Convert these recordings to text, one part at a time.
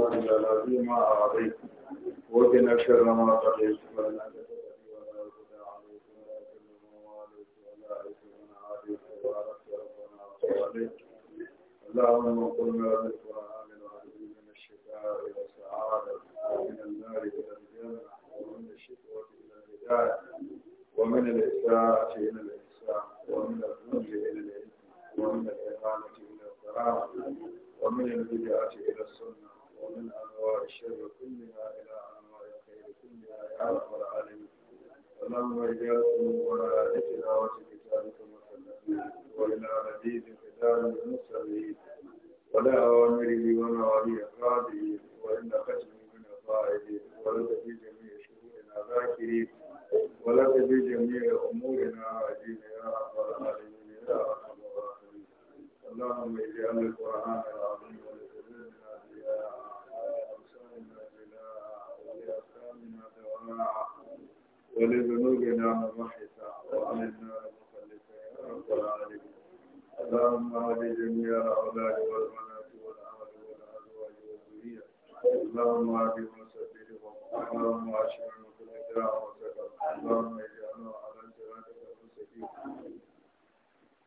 وبارك على ما أعطيت وقنا شر ما قضيت فإنك تقضي ولا يقضى عليك ولا يذل من من عاديت وبارك ربنا وصليت اللهم قلنا بالقرآن العظيم من الشفاء إلى السعادة ومن النار إلى الجنة ومن الشقوة إلى الهداية ومن الإساءة إلى الإحسان ومن الذنب إلى الإثم ومن الإهانة إلى الكرامة ومن البدعة إلى السنة من أنواع الشر كلها إلى أنواع الخير كلها يا رب العالمين اللهم إياكم ولا لتلاوة كتابك المسلمين وإلى عزيز كتاب المسلمين ولا أوامره ونواهي أفراده وإن ختمه من القائدين ولك في جميع شؤوننا ذاكرين ولك في جميع أمورنا عزيز يا رب العالمين يا أرحم الراحمين اللهم اجعل القرآن العظيم وارحمنا ولذنوبنا ومحيطا وعلمنا مخلصا يا رب العالمين اللهم هد جميع الاولاد والبنات والاهل والازواج والذريه اللهم هد وسددهم اللهم اشفهم في الهجره وسكن اللهم اجعلنا على صراطك المستقيم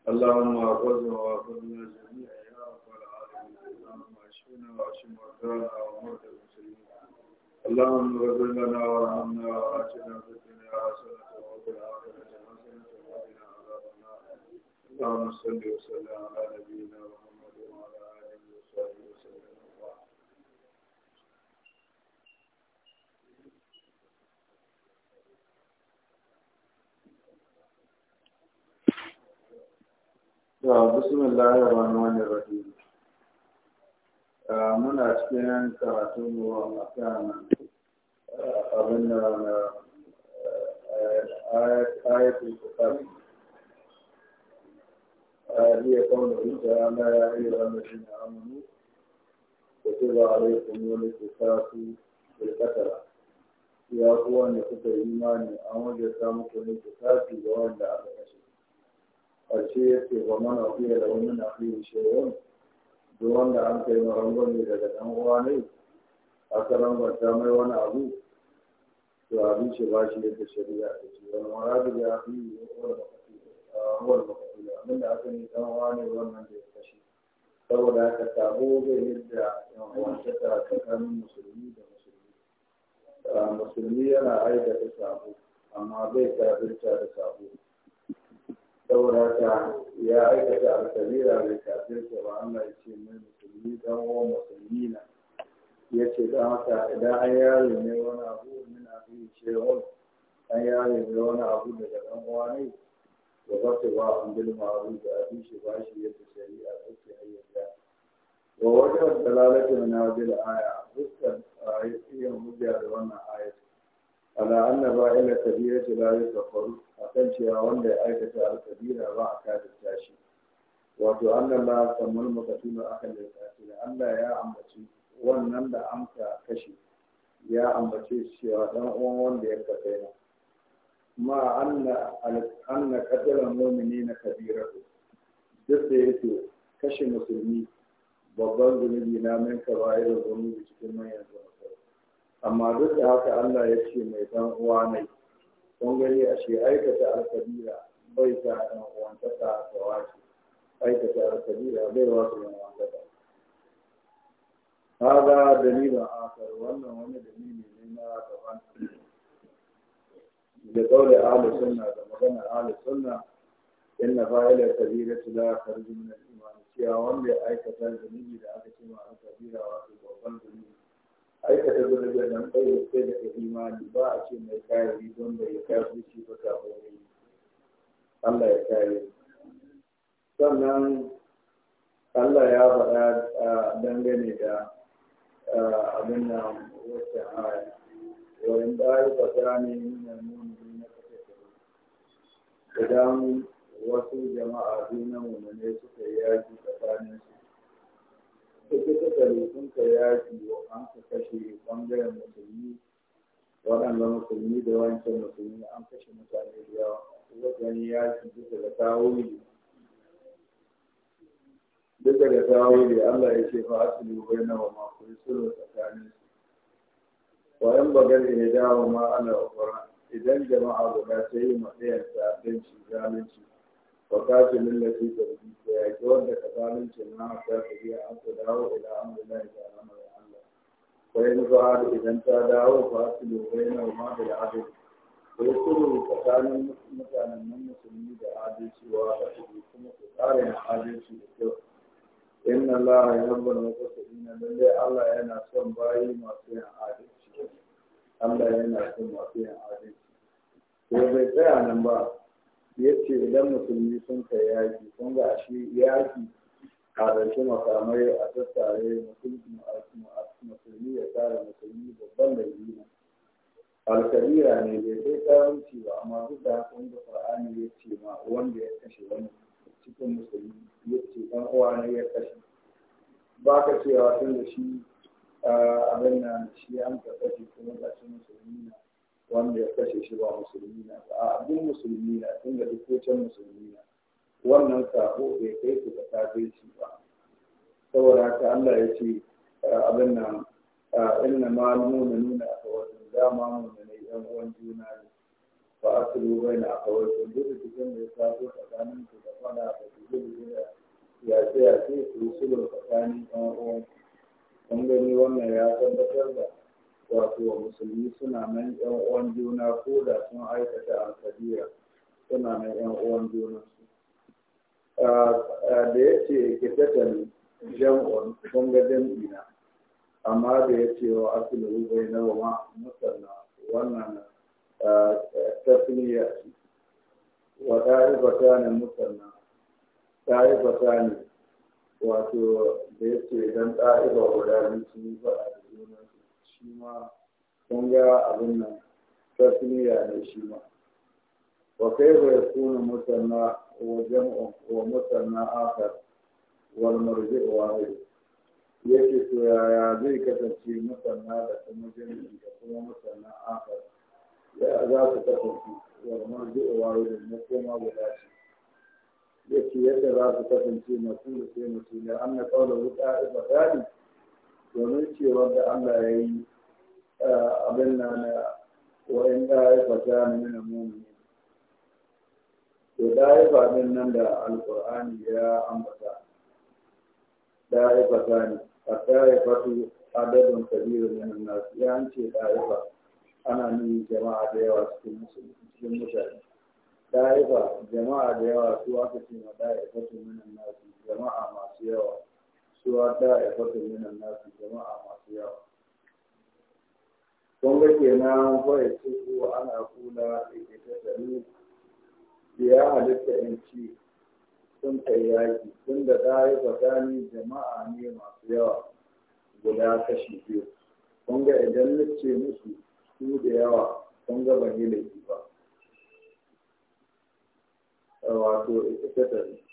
اللهم اخذنا واخذنا جميعا يا رب العالمين اللهم اشفنا واشف مرضانا ومرضى اللهم اغفر لنا وارحمنا وآتنا في الدنيا حسنة وفي الآخرة حسنة وقنا عذاب النار اللهم صل وسلم على نبينا محمد وعلى آله وصحبه وسلم بسم الله الرحمن الرحيم Ah, muna cikin karatu mu a kan ah, abin da na ah, ayatu ta kari a iya kawo da ya iya rana shi na amini da ke ba a rai kuma wani ke da katara ya kuwa ne kuka yi imani an wajen samu kuma ke da wanda aka kashe a ce ya ba mana fiye da wani na fiye shi yau duk da an kai marangon daga ɗan uwa ne karan wata mai wani abu to abin shi ba shi yadda shari'a ta ce wani maradu ya fi uwar makasila abin da aka yi dan uwa ne wannan da ya kashe saboda haka sabo zai yadda yan uwanta ta tsakanin musulmi da musulmi musulmi yana aikata sabo amma bai kafirta da sabo saboda haka ya aikata alkabira bai kafirta ba Allah ya ce mai musulmi dan uwan musulmi na ya ce ta haka idan an yare ne wani abu min abin ce wani an yare ne wani abu daga dan uwa ne da ba ta ba an bil ma'ruf da abin shi ba shi yadda shari'a take ayyuka wa wajen dalalatu na bil aya a dukkan ayatiyan hujja da wannan ayatu ala annaba ila kabira ta la a kan cewa wanda ya aikata al ba a kafirta shi wato annaba kamar makatuna aka da kafira Allah ya ambaci wannan da amsa kashi ya ambace cewa dan uwan wanda ya kafaina ma anna anna qatala mu'minina kabiratu duk da yake kashe musulmi babban zunubi na min kaba'ir zunubi cikin manyan zunubi amma duk da haka Allah ya ce mai dan uwa ne kun gani a shi aikata alkabira bai ta dan uwantaka da wace aikata alkabira bai wasu yan uwantaka hada dalilin akar wannan wani dalili ne na daban da kaule ahli sunna da magana ahli sunna inna fa'ila kabira la kharju min al-iman cewa wanda ya aikata dalili da aka ce ma al wato babban dalili aikata zunubin nan sai da sai da imani ba a ce mai kayari wanda ya zuci ba ta yi Allah ya kare sannan Allah ya faɗa dangane da abin da nan wacce Wani wayan bayi ne na mummuni na kashe idan wasu jama'a biyu na mummune suka yi yaki tsakaninsu suka sun ka yaki an ka kashe bangaren musulmi waɗanda musulmi da wancan musulmi an kashe mutane da yawa wajen yaki duka da tawuri duka da Allah ya ce fa asali bai na wa makuri sulhu tsakanin su wayan bagar ya dawo ma ala ukura idan jama'a guda ta yi matsayarsa don shi zalunci wakati min da shi da shi ya yi wanda ka zalunci na ta tafi a ta dawo ila amrullahi ta amma ya Allah sai mu ga da idan ta dawo ba su da wai na ma da abu ko kuma ka tsanin mutanen nan musulmi da adalci wa ka shi kuma ka tsare adalci da kyau إن الله يحب المتقين من لي الله أنا سم باي ما فيها عادي الله أنا سم ما فيها عادي وبيتا ya ce idan musulmi sun kai yaki kun ga shi yaki a ɗauki makamai a tattare musulmi ya tare musulmi babban da biyu alkabira ne bai kai karanci ba amma duk da haka wanda qur'ani ya ce ma wanda ya kashe wani cikin musulmi ya ce ɗan uwa na ya kashe ba ka cewa tun da shi ah, abin nan shi an ka kashe kuma ga shi musulmi na wanda ya kashe shi ba musulmi na ba a abin musulmi na tun da dukkan musulmi na wannan sako bai kai su da shi ba saboda haka Allah ya ce abin nan inna ma nuna a kawai dama ne yan uwan juna ne fa a a akawai duk cikin da ya sako tsakanin su da fada da duk da ya ce ya ce su sulhu tsakanin yan uwan kun gani wannan ya tabbatar da wato musulmi suna nan yan uwan juna ko da sun aikata alkabira suna nan yan uwan juna da ya ce kitatan jam'un sun ga jam'ina amma da ya ce wa asilu bai na wa musanna wannan tasmiya ce wa ta'ibata ne musanna ta'ibata ne wato da ya ce dan ta'iba guda biyu sun yi faɗa da juna shi ma kun ga abin nan tasmiya ne shi ma wa kaifa yakunu musanna wa jam'u wa musanna akhar wal marji' wahid yake to yaya zai kasance musanna da kuma jami'i da kuma musanna akhar ya za su kasance wal marji' wahid ne kuma guda shi yake yadda za su kasance mutum da sai mutum ya anna qawla wuta ibadani domin cewar da Allah ya yi abin na na wa'in ɗaya ta na mina mumini to ɗaya faɗin nan da alƙur'ani ya ambata ɗaya fata ne a ɗaya fatu adadin kabiru min nas ya ce ɗaya ana nuni jama'a da yawa cikin mutane ɗaya jama'a da yawa su aka ce ma ɗaya fatu min nas jama'a masu yawa su ɗaya fatu min nas jama'a masu yawa kun ga kenan kawai ce ko ana kula da ke tattali da ya halitta in ci sun kai yaki tun da ta yi tsakanin jama'a ne masu yawa guda kashi biyu kun ga idan na ce musu su da yawa kun ga ban yi laifi ba wato ita tattali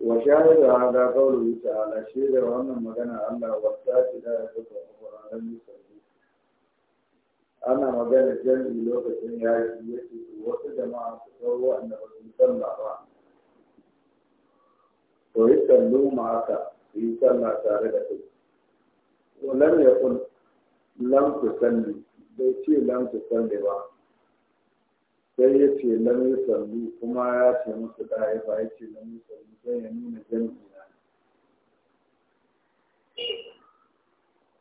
wa shahidu hada qawluhu ta'ala shaidar wannan magana Allah wa ta'ala da ta fara ran ana magana jami'i lokacin yi ya ce wasu jama'a su kawo wanda ba su sanna ba to yi sallu ma haka yi sanna tare da kai ولم يقل لم sanni bai ce lam sanni ba sai ya ce yi sallu kuma ya ce musu ɗaya ba ya ce yi sallu sai ya nuna jami'i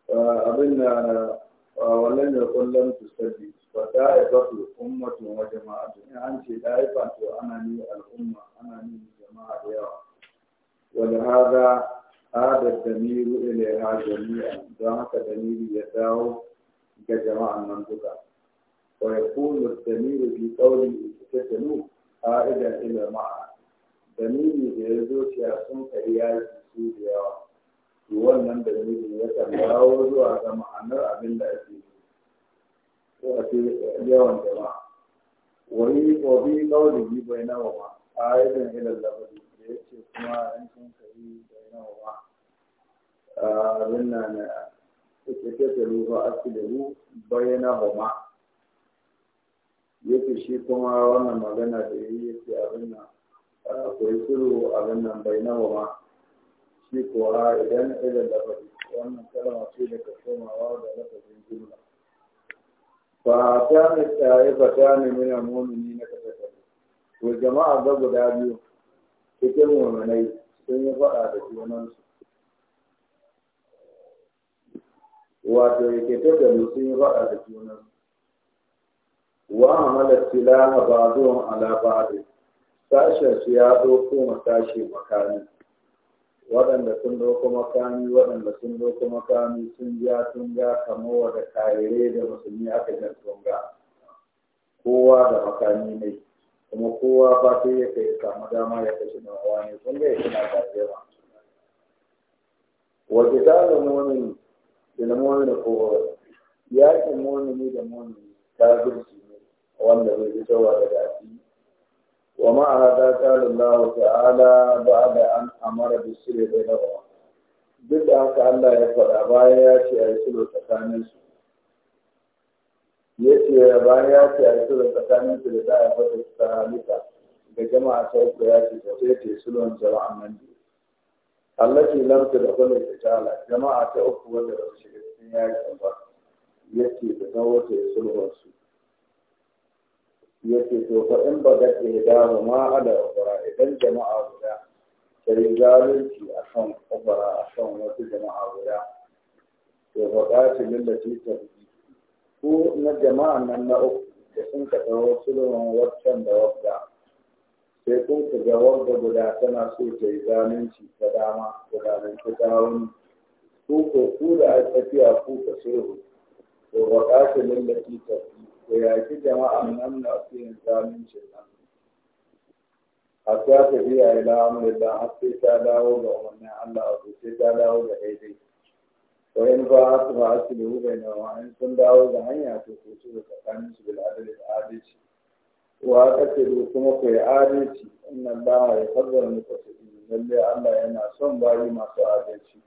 na ah, abin da wallan da kullum tusaddi fa da'ifatu ummatun wa jama'atun in an ce da'ifa to ana ni al'umma ana ni jama'a da yawa wal hada hada damiru ilaiha jami'an don haka damiri ya dawo ga jama'a nan duka wa yakunu damiru bi qawli tatanu qa'idan ila ma'a damiri da zo ciya sun kariya su da yawa to wannan ne ya kan dawo zuwa ga ma'anar abin da ake ko a ce yawan jama'a wani wani kawai bai na ma a yadda ilal labari da ya ce kuma in kan kari bai wa ma abin na na suke kete ruwa a ru bai na wa ma yake shi kuma wannan magana da ya yi ya ce abin nan akwai suru abin nan bai wa ma shi kuwa idan irin labari wannan kalma ce daga komawa da lafazin jumla ba ta ne tsaye ba ta ne mina momini na kasa to jama'a ga guda biyu cikin mominai sun yi faɗa da junansu wato yake ta gari sun yi faɗa da junansu wa amalar tilaha ba zuwan ala ba sashen su ya ɗauko kuma sashe makami waɗanda sun ɗauko makami waɗanda sun ɗauko makami sun ja sun ga kamar wada kayare da musulmi aka jan sun kowa da makami ne kuma kowa ba sai ya kai samu dama ya kashe na hawa ne kun ga ya kina gajera wa kitabu mu'min bil mu'min ko yakin mu'mini da mu'mini ta gurbi ne wanda bai fitowa daga addini وما هذا قال الله تعالى بعد أن أمر بالسر بينهما duk da haka Allah ya faɗa baya ya ce a yi sulhu tsakanin su ya ce baya ya ce a yi sulhu tsakanin su da za a su ta halitta da jama'a ta uku ya ce ta sai ta sulhun jama'an Allah ce da ta tala jama'a ta uku wanda ba su shiga cikin ba ya ce ta sulhun yake to fa in ba da ihdahu ma ala ubara idan jama'a guda sai zalunci akan a akan wata jama'a guda to fa qati lillati tabi ko na jama'a nan na uku da sun ka dawo sulhun waccan da wadda sai kun ka ga wadda guda tana so ta yi zalunci ta dama ta zalunci dawon ko ko ku da tafiya ku ka sulhu to fa qati ta tabi ku yaƙi jama'an nan na fiyin zalincin nan a ta biya ila amurda da sai ta dawo ga umarnin allah a ta dawo ga daidai ba su ba su na wa'in sun dawo ga hanya da tsakanin su da adalci wa kuma ku yi adalci fadar lalle allah yana son bayi masu adalci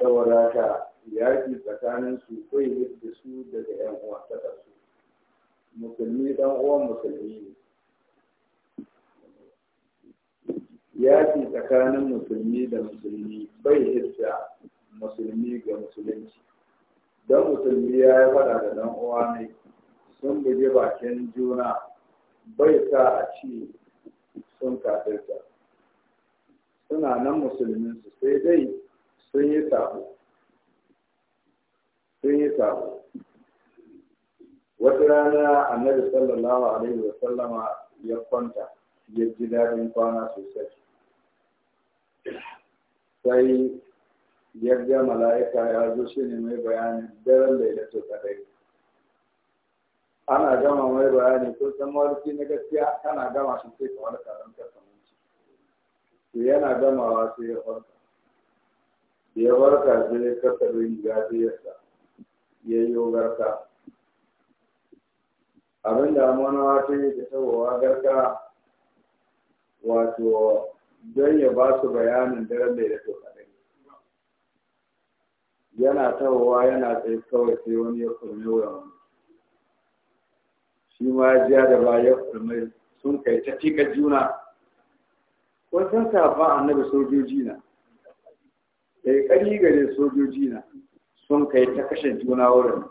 saboda ka yaƙi tsakanin su kai da su daga yan uwa ta su musulmi dan uwan musulmi ne yaƙi tsakanin musulmi da musulmi bai hidda musulmi ga musulunci don musulmi ya yi faɗa da dan uwa ne sun buge bakin juna bai sa a ce sun kafirta suna nan musulmin su sai dai sun yi sabo sun yi sabo wata rana annabi sallallahu alaihi wa sallama ya kwanta ya ji daɗin kwana sosai sai ga mala'ika ya zo shi ne mai bayanin daren da ya kadai ana gama mai bayani ko san mawarki na gaskiya ana gama shi sai kamar karanta kasamanci Su yana gamawa sai ya kwanta. da ya barka sai ya kasa riga sai ya sa ya yi garka abin da manawa ta yi da tawowa garka wato don ya ba su bayanin daren da ya to kadai yana tawowa yana tsaye kawai sai wani ya kurme wuyan wani shi ma jiya da ba ya kurme sun kai ta tika juna wasan safa annabi sojoji na da ya gare sojoji na sun kai ta kashe juna wurin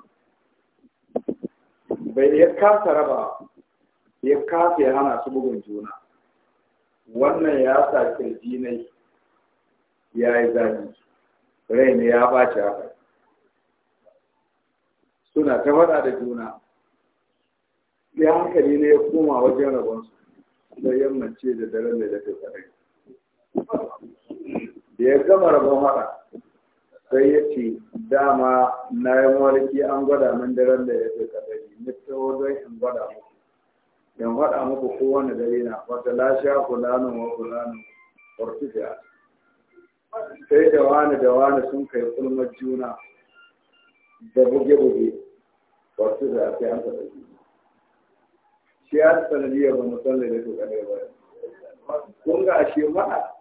bai ya kasa raba ya kasa ya hana su bugun juna wannan ya sa kirji ne ya yi zafi rai ne ya ɓaci haka suna ta faɗa da juna ya hankali ne ya koma wajen rabonsu da yammace da mai da ya fi da ya gama rabon haɗa sai ya ce dama na yi mawarki an gwada min daren da ya fi kadari na taho don in gwada muku in haɗa muku kowane dare na wata lashe kulanin wa fulanin ortifiya sai da wani da wani sun kai kulmar juna da buge-buge ortifiya sai an taɓa juna shi ya sanadiyar ba musamman da su kadai ba kun ga ashe ma'a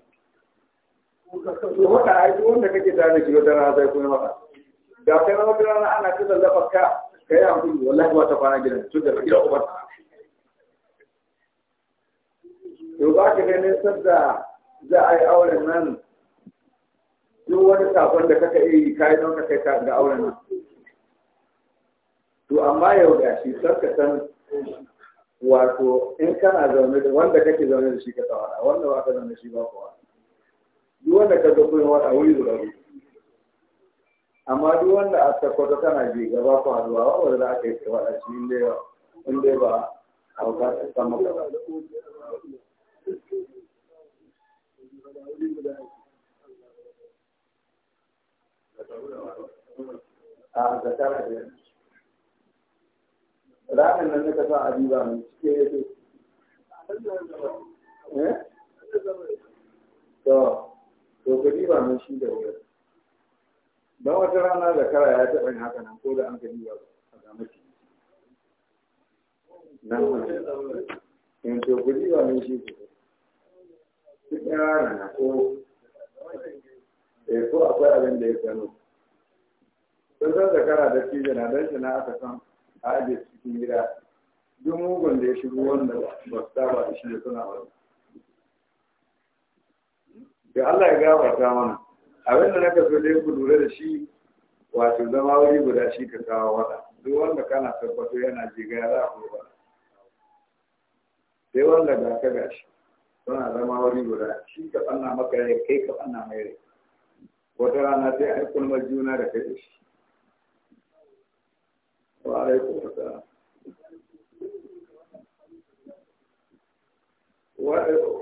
to haka ai duk wanda kake tare shi wata rana sai kuma maka da kai na wata rana ana ta zallafa ka kai hankali wallahi ba ta kwana gidan tun da gida uban to ba ka ganin sadda za a yi auren nan duk wani sakon da kaka yi kayi don ka kai ka ga auren nan to amma yau da shi sarka san wato in kana zaune da wanda kake zaune da shi ka tsawara wanda ba ka zaune da shi ba kuwa duk wanda ka ga kuma wata wuri amma duk wanda a takwata tana bi gaba ku haduwa wanda za a kai ta wada shi inda ya inda ba a wuka ta sama ka ba a ga tara da ranar nan na kasa a mai cike ya ce to to gari ba mai shi da wurin don wata rana da kara ya taɓa yin haka nan ko da an gani eh, ba a zama nan wani in to gari ba mai shi da duk ya rana na ko ya eh, ko akwai abin da ya gano sun san zakara da ke na don shi na aka san a ajiye cikin gida duk mugun da ya shigo wanda ba su saba shi da suna wani da Allah ya gabata mana abin da naka so dai ku lura da shi wato zama wuri guda shi ka kawo wada duk wanda kana tabbato yana jiga ya za a ko ba? sai wanda ga ka gashi suna zama wuri guda shi ka tsanna maka rai kai ka tsanna mai rai wata rana sai a yi kulmar juna da kai da shi wa alaikum assalam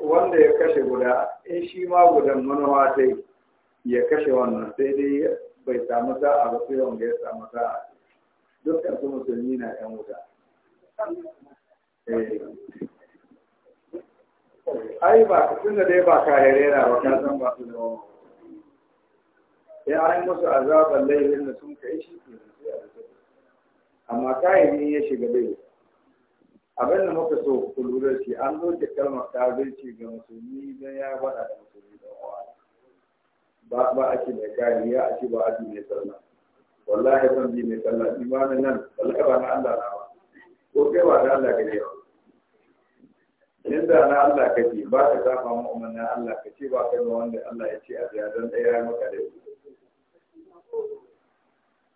wanda ya kashe guda in shi ma gudan manowa dai ya kashe wannan sai dai bai samu sa'a ba sai wanda ya samu sa'a dukkan su musulmi na yan wuta eh. ai ba ka tunda dai ba yare na ba ka san ba su da wani ya an musu azaban laifin da sun kai shi ke amma kayan ya shiga dai. abin da muka so ku lura shi an zo ke kalmar kafirci ga musulmi don ya bada da musulmi don wa ba ba a ce mai kariya a ake ba a mai sallah wallahi ban ji mai sallah imanin nan wallahi ba na Allah na ba ko kai ba na Allah kake ba da na Allah kake ba ka saba mu'min na Allah kace ba kai ba wanda Allah ya ce a biya da ya maka da shi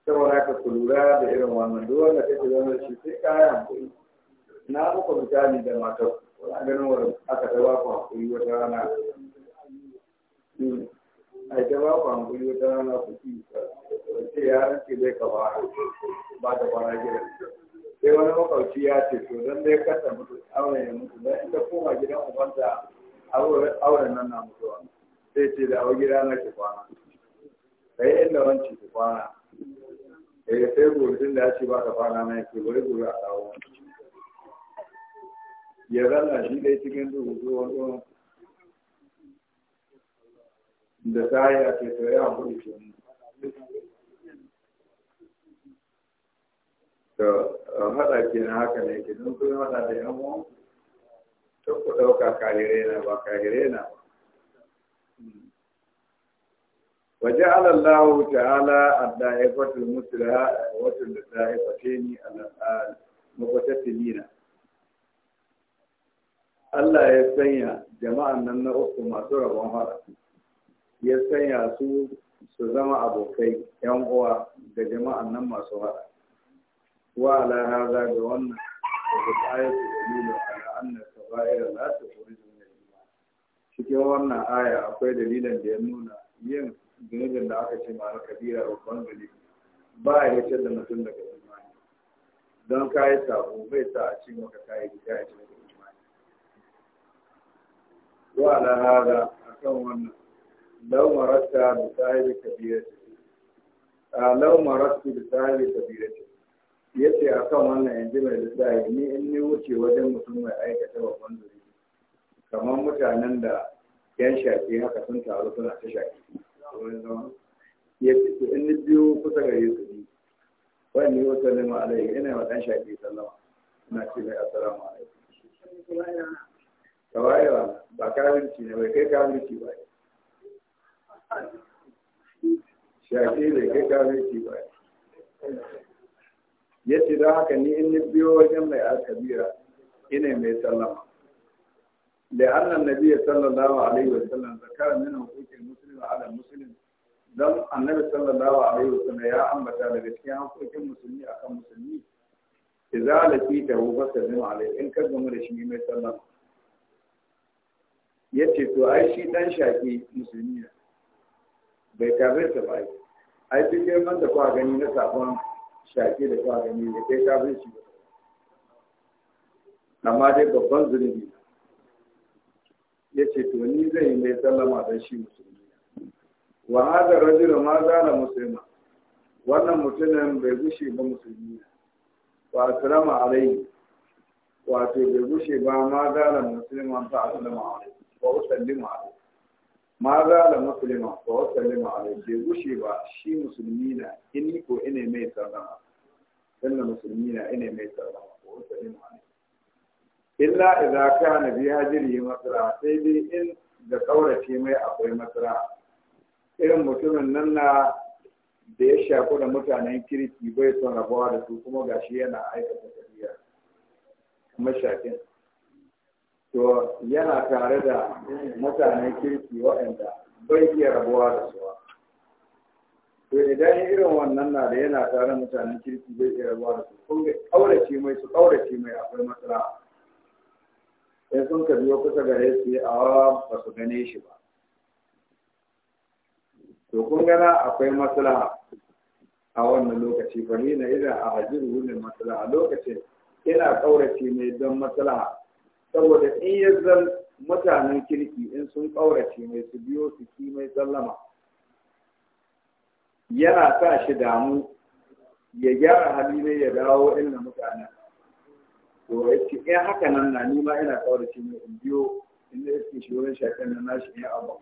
saboda ka kula da irin wannan duk da kake zama shi sai kayan kuɗi. na muku misali da matar wani ganin wani aka ta ba ku wata rana hmm. a ta ba ku wata rana ku ci ce yaran ce zai ka fara ba ta fara gida sai wani makauci ya ce to don dai kasa mutu auren ya mutu don inda koma gidan ubanta auren nan na mutuwa sai ce da awa gida na ke kwana sai inda wanci ke kwana eh, sai gobe tun da ya ce ba ta kwana na ya ya zanna shi dai cikin duhu zuwa tsohon da ta yi a ce to ya hankali ke to haɗa ke na haka ne ke don kuma hada da yan uwan to ku ɗauka kahire na ba kahire na ba وجعل الله تعالى الدائفة المسلحة وتل الدائفتين nina. Allah ya sanya jama'an nan na uku masu rabon hara ya sanya su su zama abokai yan uwa da jama'an nan masu hara wa ala hada ga wannan da ayatu dalilu ala anna sabaira la tukhriju min al-iman cikin wannan aya akwai dalilan da ya nuna yin zunubin da aka ce ma kabira babban gani ba ya yi da mutum daga imani don ka yi sabo bai sa a ce maka yi ya yi wa ala hada akan wannan law maratta bi sahibi kabirati a law maratta bi sahibi kabirati yace akan wannan yanzu mai lissafi ni in ni wuce wajen mutum mai aikata babban zuri kamar mutanen da yan shafi haka sun taru suna ta shafi ya fito in ni biyo kusa ga yesu ni wani ne wasu lima alaihi ina yi wa ɗan shafi sallama ina ce mai assalamu alaikum tawayewa ba kafirci ne bai kai kafirci ba shaƙi bai kai ba ya ce don haka ni in biyo wajen mai alkabira ina mai sallama لأن النبي alaihi wa sallam وسلم ذكر من حقوق المسلم على المسلم dan annabi sallallahu alaihi sallam ya ambata daga cikin hankokin musulmi akan musulmi idza lakita hu fasallim alaihi in ka da shi mai sallama ya ce to ai shi dan shaƙi musulmi ne bai ta ba ai ai duk man da kwa gani na sabon shaƙi da kwa gani ya kai kafirci shi amma dai babban zunubi ya ce to ni zai yi mai sallama don shi musulmi wa hada rajulu ma zala musulma wannan mutumin bai gushe ba musulmi wa salama alaihi wato bai gushe ba ma zala musulman fa salama alaihi wa usallimu alaihi ma za da musulma wa wasallama alaihi bai gushe ba shi musulmi na ini ko ina mai sallama sannan musulmi na ina mai sallama wa wasallama alaihi illa idza kana bi hajri masra sai dai in da kaurace mai akwai masra irin mutumin nan na da ya shaku da mutanen kirki bai son rabuwa da su kuma gashi yana aikata tafiya kuma shafin to yana tare da mutanen kirki waɗanda bai iya rabuwa da suwa to idan irin wannan na da yana tare mutanen kirki bai iya rabuwa da su kun ga kaurace mai su kaurace mai akwai matsala sai sun ka biyo kusa gare su a ba su gane shi ba to kun gana akwai matsala a wannan lokaci bari ni na idan a hajjiru wurin matsala a lokacin ina kaurace mai don matsala saboda in ya zan mutanen kirki in sun ƙaurace mai su biyo su ki mai sallama yana sa shi damu ya gyara hali ne ya dawo inda mutanen to ya ce in eh, haka nan na nima ina ƙaurace mai in biyo inda ya ce shi wurin shaƙen na nashi ya abu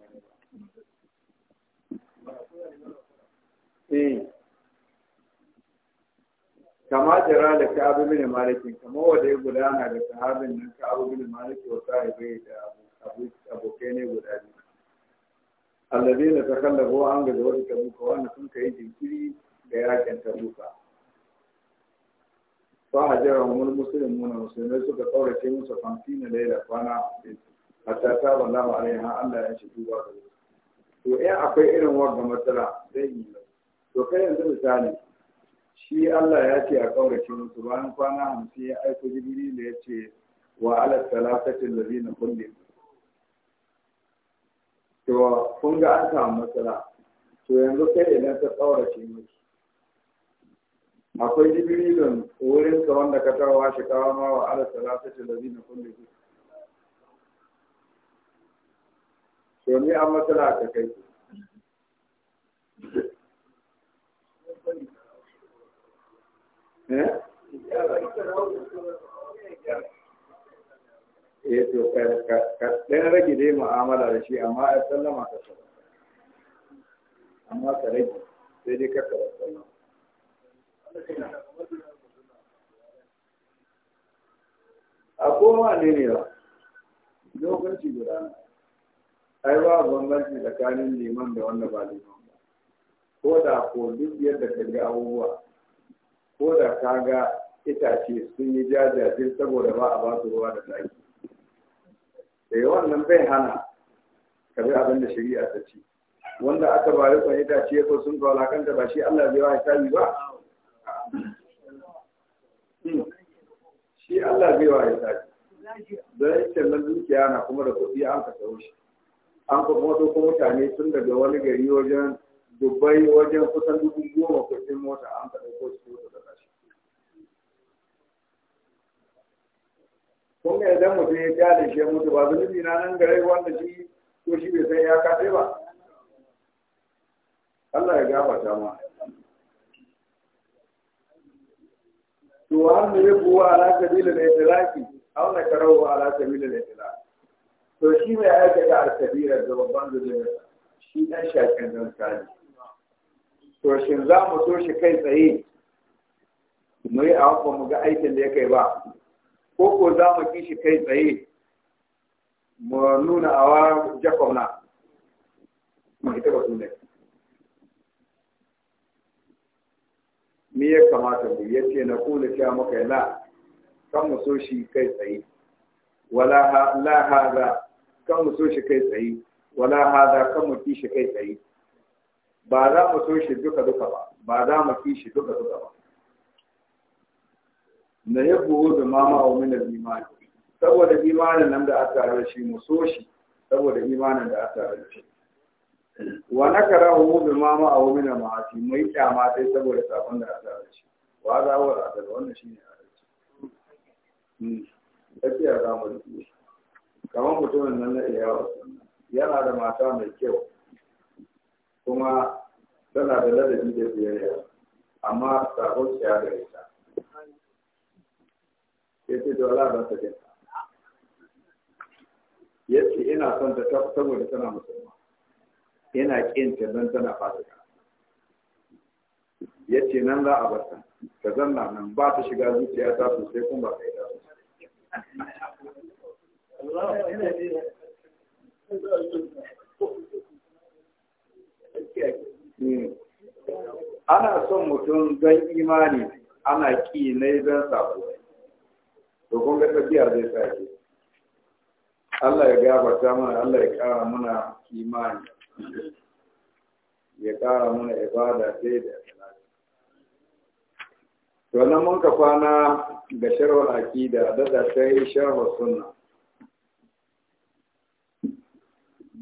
eh kama jira da ka'abu bin maliki kama wanda ya gudana da sahabin nan ka'abu bin maliki wa sahibi da abokai ne guda biyu allazi na ta ko an ga wani wata tabuka wanda sun kai jinkiri da yakin tabuka fa hajara mun musulmuna musulmai suka kaurace musu na laila kwana hatta ta wallahu alaiha Allah ya shi duba da to in akwai irin wanda matsala zai yi to kai yanzu misali shi Allah ya ce a kaurace musu bayan kwana hamsin ya aiko jirgin da ya ce wa ala talatatin zina kulle to kun ga an samu matsala to yanzu kai idan ka kaurace musu akwai da wurin ka wanda ka tawa shi kawo ma wa ala talatatin zina kulle to ni an matsala ka kai Eh? eh to ka ɗan rage dai mu'amala da shi amma a sallama ka sallama amma ka rage sai dai ka kaba sallama a kowa ne ne ba lokaci guda na ai ba bambanci tsakanin liman da wanda ba liman ba ko da ko duk yadda ka ga abubuwa ko da ka ga itace sun yi jajajen saboda ba a ba su ruwa da tsaki sai eh, wannan bai hana ka bi abin da shari'a ta ce wanda aka ba rikon itace ko sun ba kanta ba shi Allah bai wa hisabi ba hmm. shi Allah bai wa hisabi don ita nan dukiya na kuma da kuɗi an ka sayo shi an kuma wato mutane tun daga wani gari wajen dubbai wajen kusan dubu goma kuɗin mota an ka ɗauko su kun ga idan mutum ya da shi ya mutu ba zunubi na nan gare wanda shi ko shi bai san ya kaɗe ba Allah ya gafarta ma to har ne buwa ala sabila da itiraki aw na karawa ala sabila da itiraki to shi mai aikata alkabira da babban zunubi shi dan shakin dan kaji to shin za mu so shi kai tsaye mu yi abu mu ga aikin da ya kai ba ko ko za mu kishi kai tsaye mu nuna awa jakob na mu ita ba sunne me ya kamata mu yace na kula cewa maka la kan mu so shi kai tsaye wala ha la hada kan mu so shi kai tsaye wala hada kan mu shi kai tsaye ba za mu so shi duka duka ba ba za mu kishi duka duka ba na ya buru da mama wa mina imani saboda imanin nan da aka tare shi mu so shi saboda imanin da aka tare shi wa kara hu da mama a wani ma'asi mu mai kyama sai saboda sabon da aka tare shi wa za wa da wannan shine adalci da zamani kamar mutumin nan na iyawa yana da mata mai kyau kuma tana da ladabi da biyayya amma sabon siya da ita ya da wala ban sakin ya ina son ta saboda tana musulma ina ta dan tana fasika ya ce nan za a bata ta zanna nan ba ta shiga zuciya ta sosai kuma ba ka yi ta hmm. ana son mutum don imani ana ƙi na don sako to kun ga tafiyar zai sake Allah ya gabata mana Allah ya kara mana imani ya kara mana ibada sai da salati to nan mun ka kwana ga sharwar akida da da sai sharwar sunna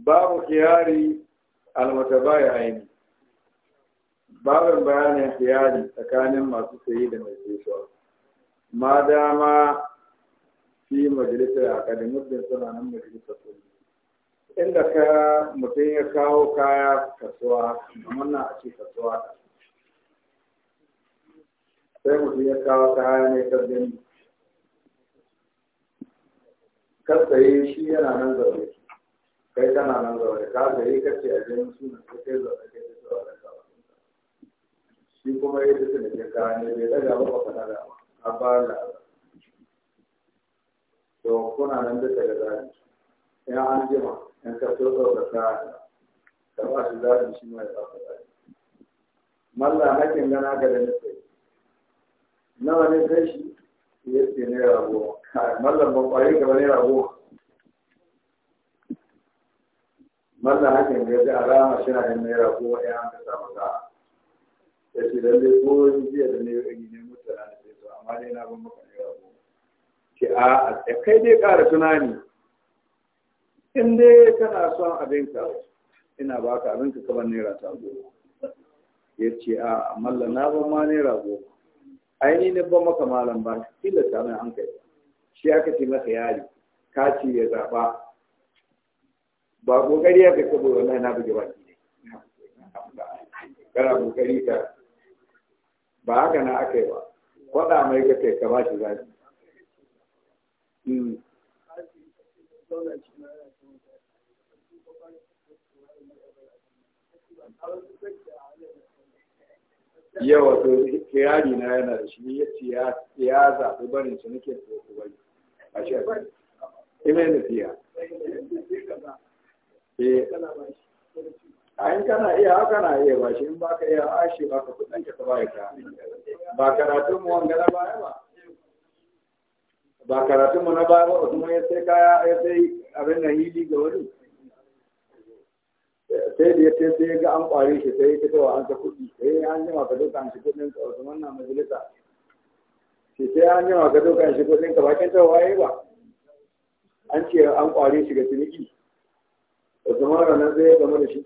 babu kiyari almutabaya aini babin bayanin kiyari tsakanin masu sayi da mai sayi ma dama fi majalisar akali muddin suna nan majalisar kudi inda ka mutum ya kawo kaya kasuwa kamar na a ce kasuwa sai mutum ya kawo kaya ne ka gani ka tsaye shi yana nan zaune kai kana nan zaune ka tsaye ka ce a jini suna ka kai zaune kai ta zaune ka shi kuma ya fi da ke kaya ne bai daga ba ba ka daga ba a ba da to kuna nan duka da zaɓi in an jima in ka so ɗaukar kayan ka ba shi zaɓi shi mai ba ka malla hakin gana ga da nufi nawa ne sai shi ya ce naira goma Malla ban ƙwari gaba naira goma Malla hakin ga ya alama shi na yin naira goma ya an ka samu ka ya ce lalle ko jiya da ne ya ne mutane da sai amma dai na ban maka ce a a kai dai ƙara tunani in dai kana son abinka ina baka abinka kamar naira ta goma ya ce a amalla na ban ma naira goma aini ne ba maka malam ba kila ta mai an kai shi aka ce masa yari ka ce ya zaɓa ba ƙoƙari ya kai saboda wallahi na buge baki ne kana ƙoƙari ka ba haka na aka yi ba faɗa mai ka kai ka ba shi zaɓi Hmm. yau wato kirari na yana da shi ya ce ya zaɓi barin su nake ko ku bari a shi ina yana fiya eh. a in kana iya haka na iya ba shi in baka iya ashe baka kudin ka ba ya ka ba karatun mu wangana baya ba ba karatun mu na baya ba kuma ya sai kaya ya sai abin da hili ga wani sai da ya ce sai ga an kware shi sai ya fito an ta kuɗi sai an jima ka doka an shi kuɗin ka wasu na majalisa shi sai an jima ka doka an shi kuɗin ka bakin ta waye ba an ce an kware shi ga ciniki mara ranar zai ya gama da shi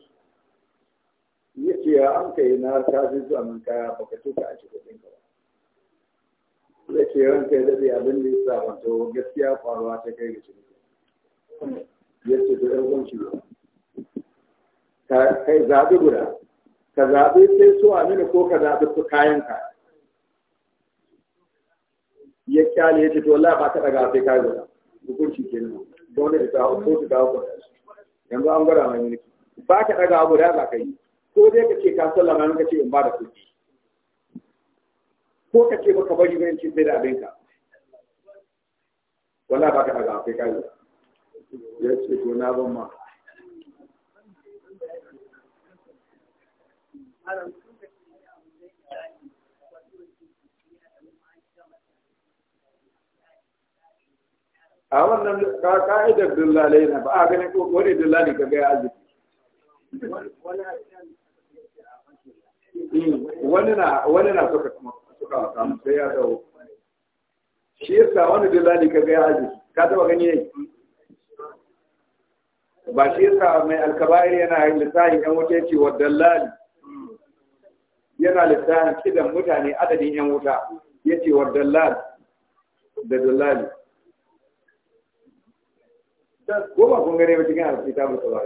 ya ce an kai na tafi zuwa min kaya ka tuka a shi kuɗin ka ba zai ce ranka ya daɗe abin da ya sa wato gaskiya faruwa ta kai ga ciniki ya ce to ɗan kunci ba kai zaɓi guda ka zaɓi sai su amina ko ka zaɓi su kayan ka ya kyale ya ce to Allah ba ta daga sai kai guda hukunci kenan don da ta hau ko ta dawo ko yanzu an gwada mai mulki ba ka daga guda za ka yi ko dai ka ce ka sallama ka ce in ba da kuɗi ko ka ce baka bari ne cin sai da ka? wala ba ka daga akwai kayo ya ce to na ban ma a wannan ka'idar dillalai na ba a ganin wani dillali ka gaya arziki hmm, wani na wani na suka kuma suka samu sai ya dawo shi yasa wani dillali ka ga ya aji ka taba gani ne ba shi yasa mai alkabairi yana yin lissahi yan wuta yace wa dallali yana lissafi kidan mutane adadin yan wuta yace wa dallali da dallali ko ba kun gane ba cikin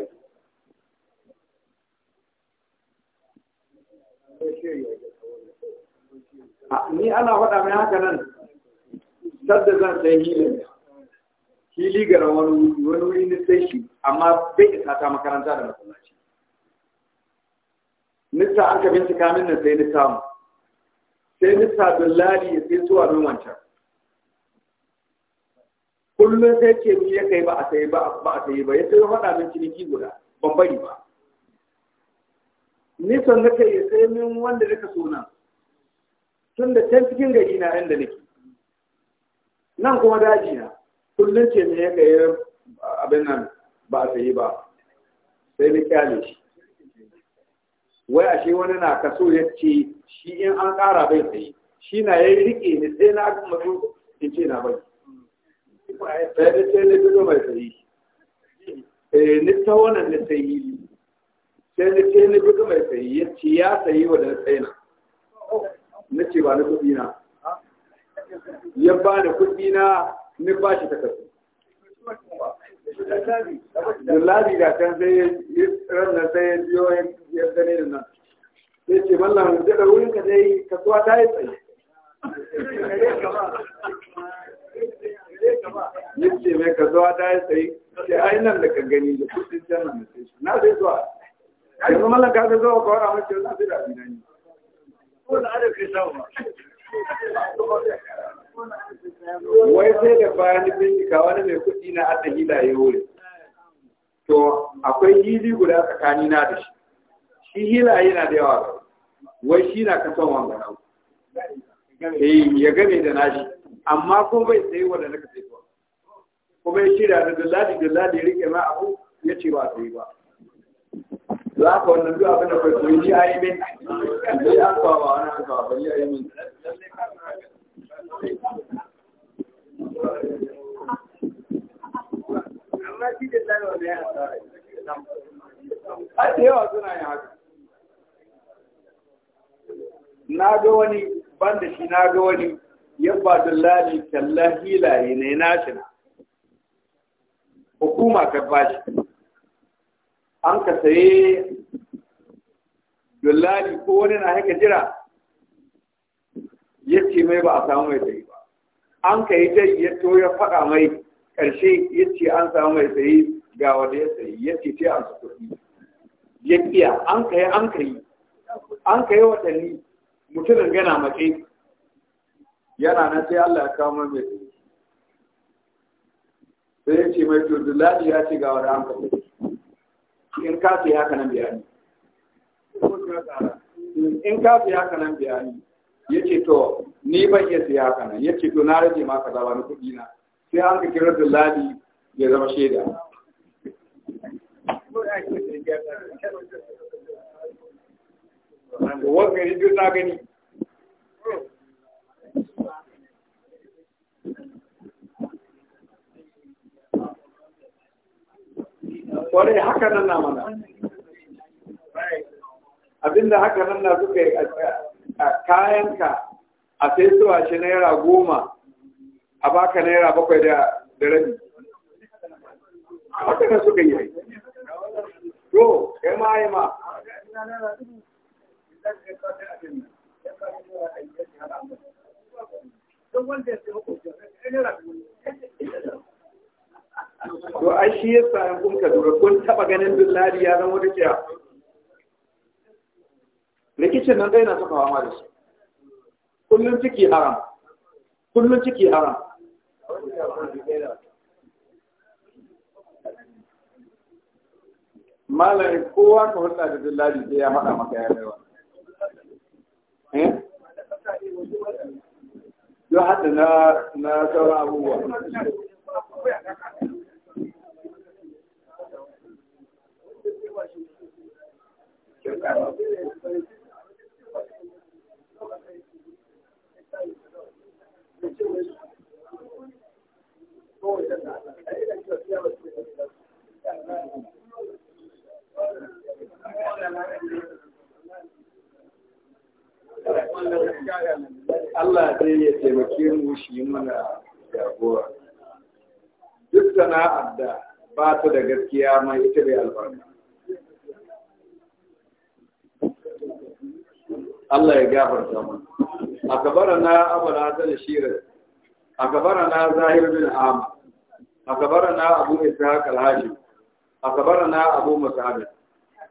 ni ana faɗa mai haka nan sadda zan sai hilin hili ga wani wani wuri ni sai shi amma bai isa ta makaranta da masallaci nista an ka bincika min nan sai ni samu sai nista billahi ya sai zuwa min wancan kullum sai ce ni ya kai ba a sai ba ba a sai ba ya sai faɗa min ciniki guda ban bari ba nisan nake ya sai min wanda nika so nan tun da can cikin gari na inda nake nan kuma daji na kullum ce me yaka yi abin nan ba a yi ba sai na kyale shi wai ashe wani na kaso ya ce shi in an ƙara bai yi shi na ya rike ni sai na mazo in ce na bai sai da ce na fito mai sayi eh ni ta wannan na sayi sai na ce ne fito mai sayi ya ce ya sayi wa da tsaina na ce ba na kuɗi na ya ba da kuɗi na ni ba shi ta kasu da kan sai ranar sai ya biyo ya gane da nan. Sai ce mallam da wurin ka dai kasuwa ta yi tsaye. Yace mai kasuwa ta yi tsaye, ce ai nan da ka gani da kudin can nan da sai na sai zuwa. Yanzu mallam ka ga zuwa kawar a mace wani sai da abinani. wai sai da bayan bincika wani mai kuɗi na adda hila ya wuri to akwai hili guda tsakani na da shi shi hila yana da yawa wai shi na kasan wanga na eh ya gane da nashi amma ko bai sai wanda naka sai Ko bai shirya da dalladi dalladi rike ma abu ya ce ba sai ba za ka wannan duk abin da kai koyi ni ayi min ni an kawo ba wani an kawo ba a yi min amma yawa suna yin haka na ga wani ban da shi na ga wani yabba dallali tallahi laye ne na shi na hukuma ka bashi an ka saye dullali ko wani na haka jira ya ce mai ba a samu mai sayi ba an ka yi dai ya to ya faɗa mai ƙarshe ya ce an samu mai sayi ga wanda ya sayi ya ce ce an su kuɗi ya kiya an ka yi an ka yi an ka yi watanni mutumin gana mace yana nan sai Allah ya kawo mai mai sayi sai ya ce mai to dullali ya ce ga wanda an ka sayi in ka sai haka nan bayani in ka sai haka nan Ya ce to ni ban iya siya haka nan ce to na rage ka zaba na kuɗi na sai an ka kira dillali ya zama shaida duk na gani kwarai haka nan na mana abinda haka nan na suka yi a kayanka a sai shi naira goma a baka naira bakwai da rabi haka nan suka yi to kai ma yi ma Don wanda ya to ai shi ya sa kun ka dora kun taba ganin Ladi ya zama da kiya rikicin nan dai na sakawa ma da shi kullun ciki haram kullun ciki haram malamin kowa ka hulɗa da Ladi sai ya faɗa maka ya rewa don eh? haɗa na sauran abubuwa Allah zai ya taimake mu shi mana jagora. Duk sana'ar da ba ta da gaskiya mai ita bai albarka. Allah ya gafarta mu akabarana na hasan shirin akabarana zahir bin am akabarana abu ishaq A hashim akabarana abu mus'ab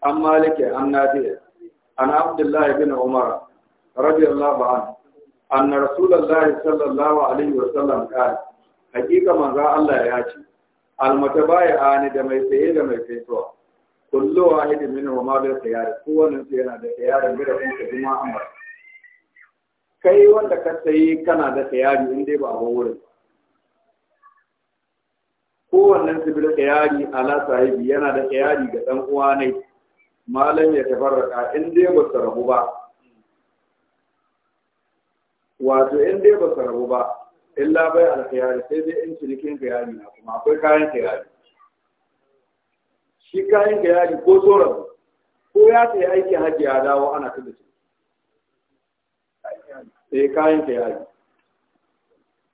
an malik an nafi an Abdullahi bin umar radiyallahu anhu anna rasulullahi sallallahu alaihi wasallam qala hakika manzo Allah ya ce al-mutabai'ani da mai saye da mai saitowa kullu wahidin wa ma bi khiyar kowanne su yana da khiyarin gida kun ka kuma amma kai wanda ka sayi kana da tayari in ba a wurin Kowanne su bil tayari ala sahibi yana da tayari ga dan uwa ne malam ya tafarraka in ba su rabu ba wato in ba su rabu ba illa bai al-tayari sai dai in cikin tayari na kuma akwai kayan tayari. shi kayan ka yari ko tsoron ko ya ta yi aikin hajji ya dawo ana tunda shi sai eh, kayan ka yari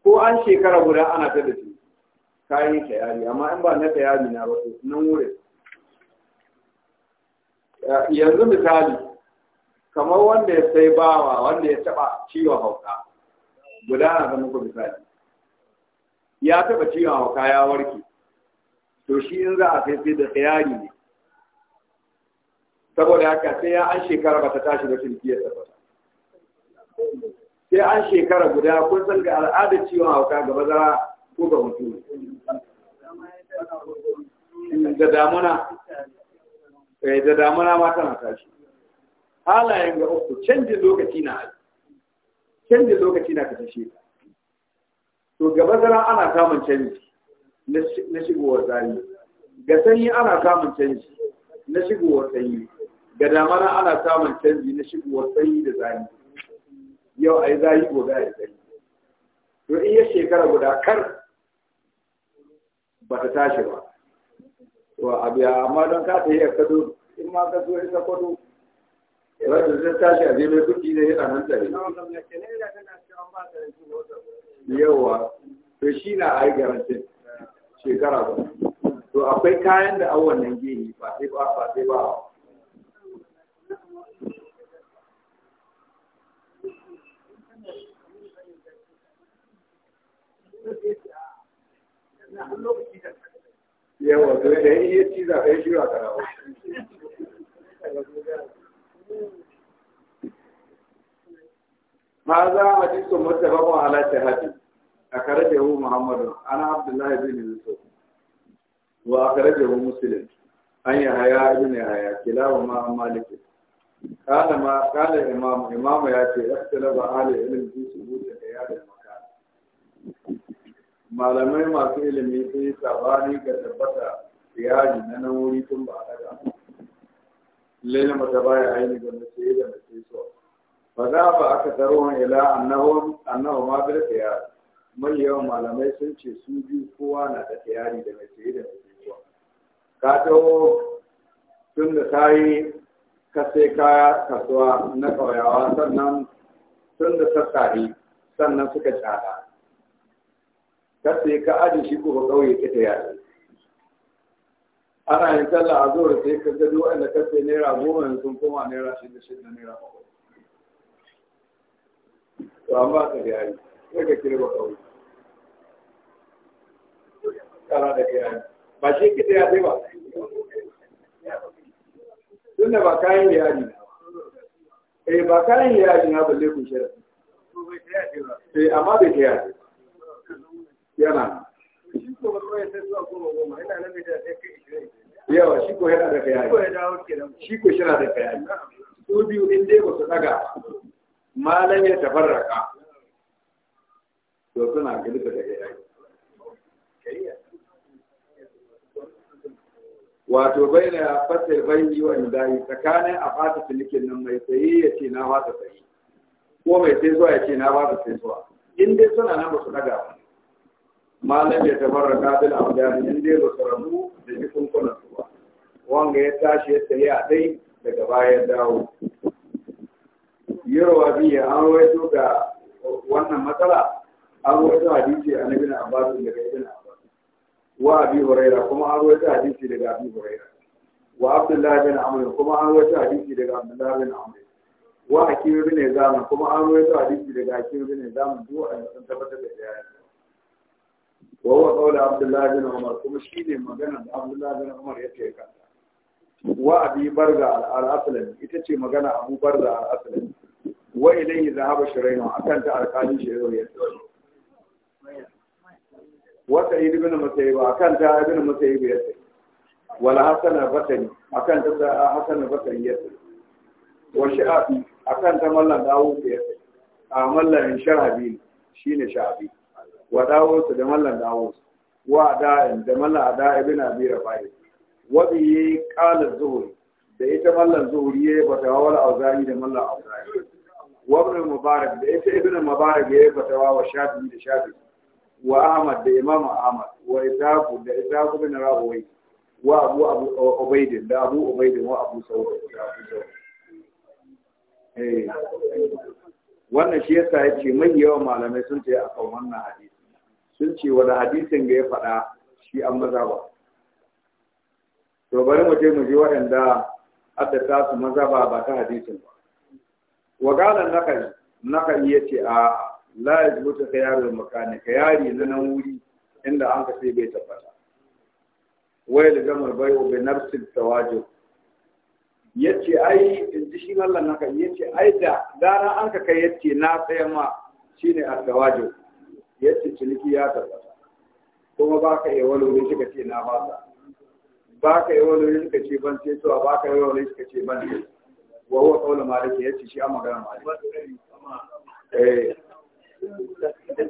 ko an shekara guda ana tunda shi kayan ka yari amma in ba na ka yari na ba nan wurin yanzu misali kamar wanda ya sai bawa wanda ya taba ciwon hauka guda na zama ku misali ya taba ciwon hauka ya warke to shi in za a sai sai da tsayari ne saboda haka sai ya an shekara ba ta tashi ba tilkiyar ta ba sai an shekara guda kun san ga al'ada ciwon hauka ga bazara ko ga mutum da damuna eh, da damuna ma tana tashi halayen ga uku canjin lokaci na canjin lokaci na ka tashe to ga bazara ana samun canji na shigowar tsari ga sanyi ana samun canji na shigowar sanyi ga damana ana samun canji na shigowar sanyi da tsari yau a yi zayi gobe a yi tsari to in ya shekara guda kar ba ta tashi ba to abu ya amma don ka ta yi a kado in ma ka zo isa kwado wadda zai tashi a zai kuɗi na yi a nan tsari yawa to shi na a yi garantin shekara ba to akwai kayan da awon nan gini ba sai ba ba sai ba yawa to da iya ci za ka shira ka rawa ma za a ji su halatta أخرجه محمد أنا عبد الله بن يوسف وأخرجه مسلم أن يحيى بن يحيى كلاهما مالك قال ما قال الإمام إمام يأتي اختلف أهل العلم في ثبوت حياة المكان malamai masu ilimi sun yi sabani ga tabbata yaji na nan wuri tun ba a daga lele mata baya aini ga mace da mace so fa za ba aka taro ila annahum annahum ma bil qiyas mai yawan malamai sun ce su biyu kowa na da tayari da mai sayi da mai sayarwa ka taho tun da ta yi ka kaya kasuwa na ƙauyawa sannan tun da sassari sannan suka tsada ka ka aji shi ko ƙauye ta tayari ana yin sallah a zuwa sai ka gado wanda ka naira goma sun koma naira shida shida naira bakwai ba ba ka yari. sai ka kirba kawai kara da iyaye ba shi kiɗa ya zai ba tunda ba kayan iyali na eh ba kayan iyali na balle kun shirya eh amma bai kai yana yawa shi ko yana da kayani shi ko shi da kayani su biyu inda ya ba daga malam ya tafarraka to suna girka da yayi wato bai na fatar bai yi wa indai tsakanin a fata cinikin nan mai sayi ya ce na fata sayi ko mai sai zuwa ya ce na fata sai zuwa in dai suna nan ba su daga malam ya tafarra kabil abdan in dai ba su rabu da jikin kuna zuwa wanga ya tashi ya sayi a dai daga bayan dawo yarwa biya an waito ga wannan matsala an rawaito hadisi a nabi na abbas daga ibn abbas wa abi huraira kuma an rawaito hadisi daga abi huraira wa abdullahi bin amr kuma an rawaito hadisi daga abdullahi bin amr wa hakim bin zaman kuma an rawaito hadisi daga hakim bin zaman duk an sun tabbatar da yayi wa huwa qawlu abdullahi bin umar kuma shi ne magana da abdullahi bin umar yake kanta wa abi barza al-aslami ita ce magana abu barza al-aslami wa ilayhi dhahaba shurainu akan ta alqali shurainu ya tsoro wata yi ba a akan ta ibn musayyib ya ce Wala hasan batani a akan ta hasan al batani ya ce wa sha'abi akan ta mallan dawo ya ce a mallan shi shine sha'abi wa dawo su da mallan dawo wa da'in da mallan ada ibn abi rafi wa bi qala zuhri da ita mallan zuhri ya bata wal auzani da mallan auzani wa ibn mubarak da ita ibn mubarak ya bata wa shafi da shafi wa Ahmad da Imam Ahmad wa Isaku da Isaqu bin Rawi wa Abu Abu Ubayd da Abu Ubayd wa Abu Sa'ud eh wannan shi yasa yace mai yawan malamai sun ce akan wannan hadisi sun ce wani hadisin ga ya faɗa shi an maza ba to bari mu je mu ji waɗanda addata su maza ba ba ta hadisin ba wa qala nakai nakai yace a la yajbuta khiyarul makani khiyari na nan wuri inda an ka sai bai tabbata wai da gama bai wa bai nafsin ya ce ai in ji shi mallan naka yace ai da gara an ka kai yace na tsaya ma shine at ya yace ciniki ya tabbata kuma ba ka iya wani wurin shiga ce na ba ka ba ka iya wani wurin suka ce ban ce to ba ka iya wani suka ce ban ce wa huwa qawlu malik yace shi amma magana malik eh.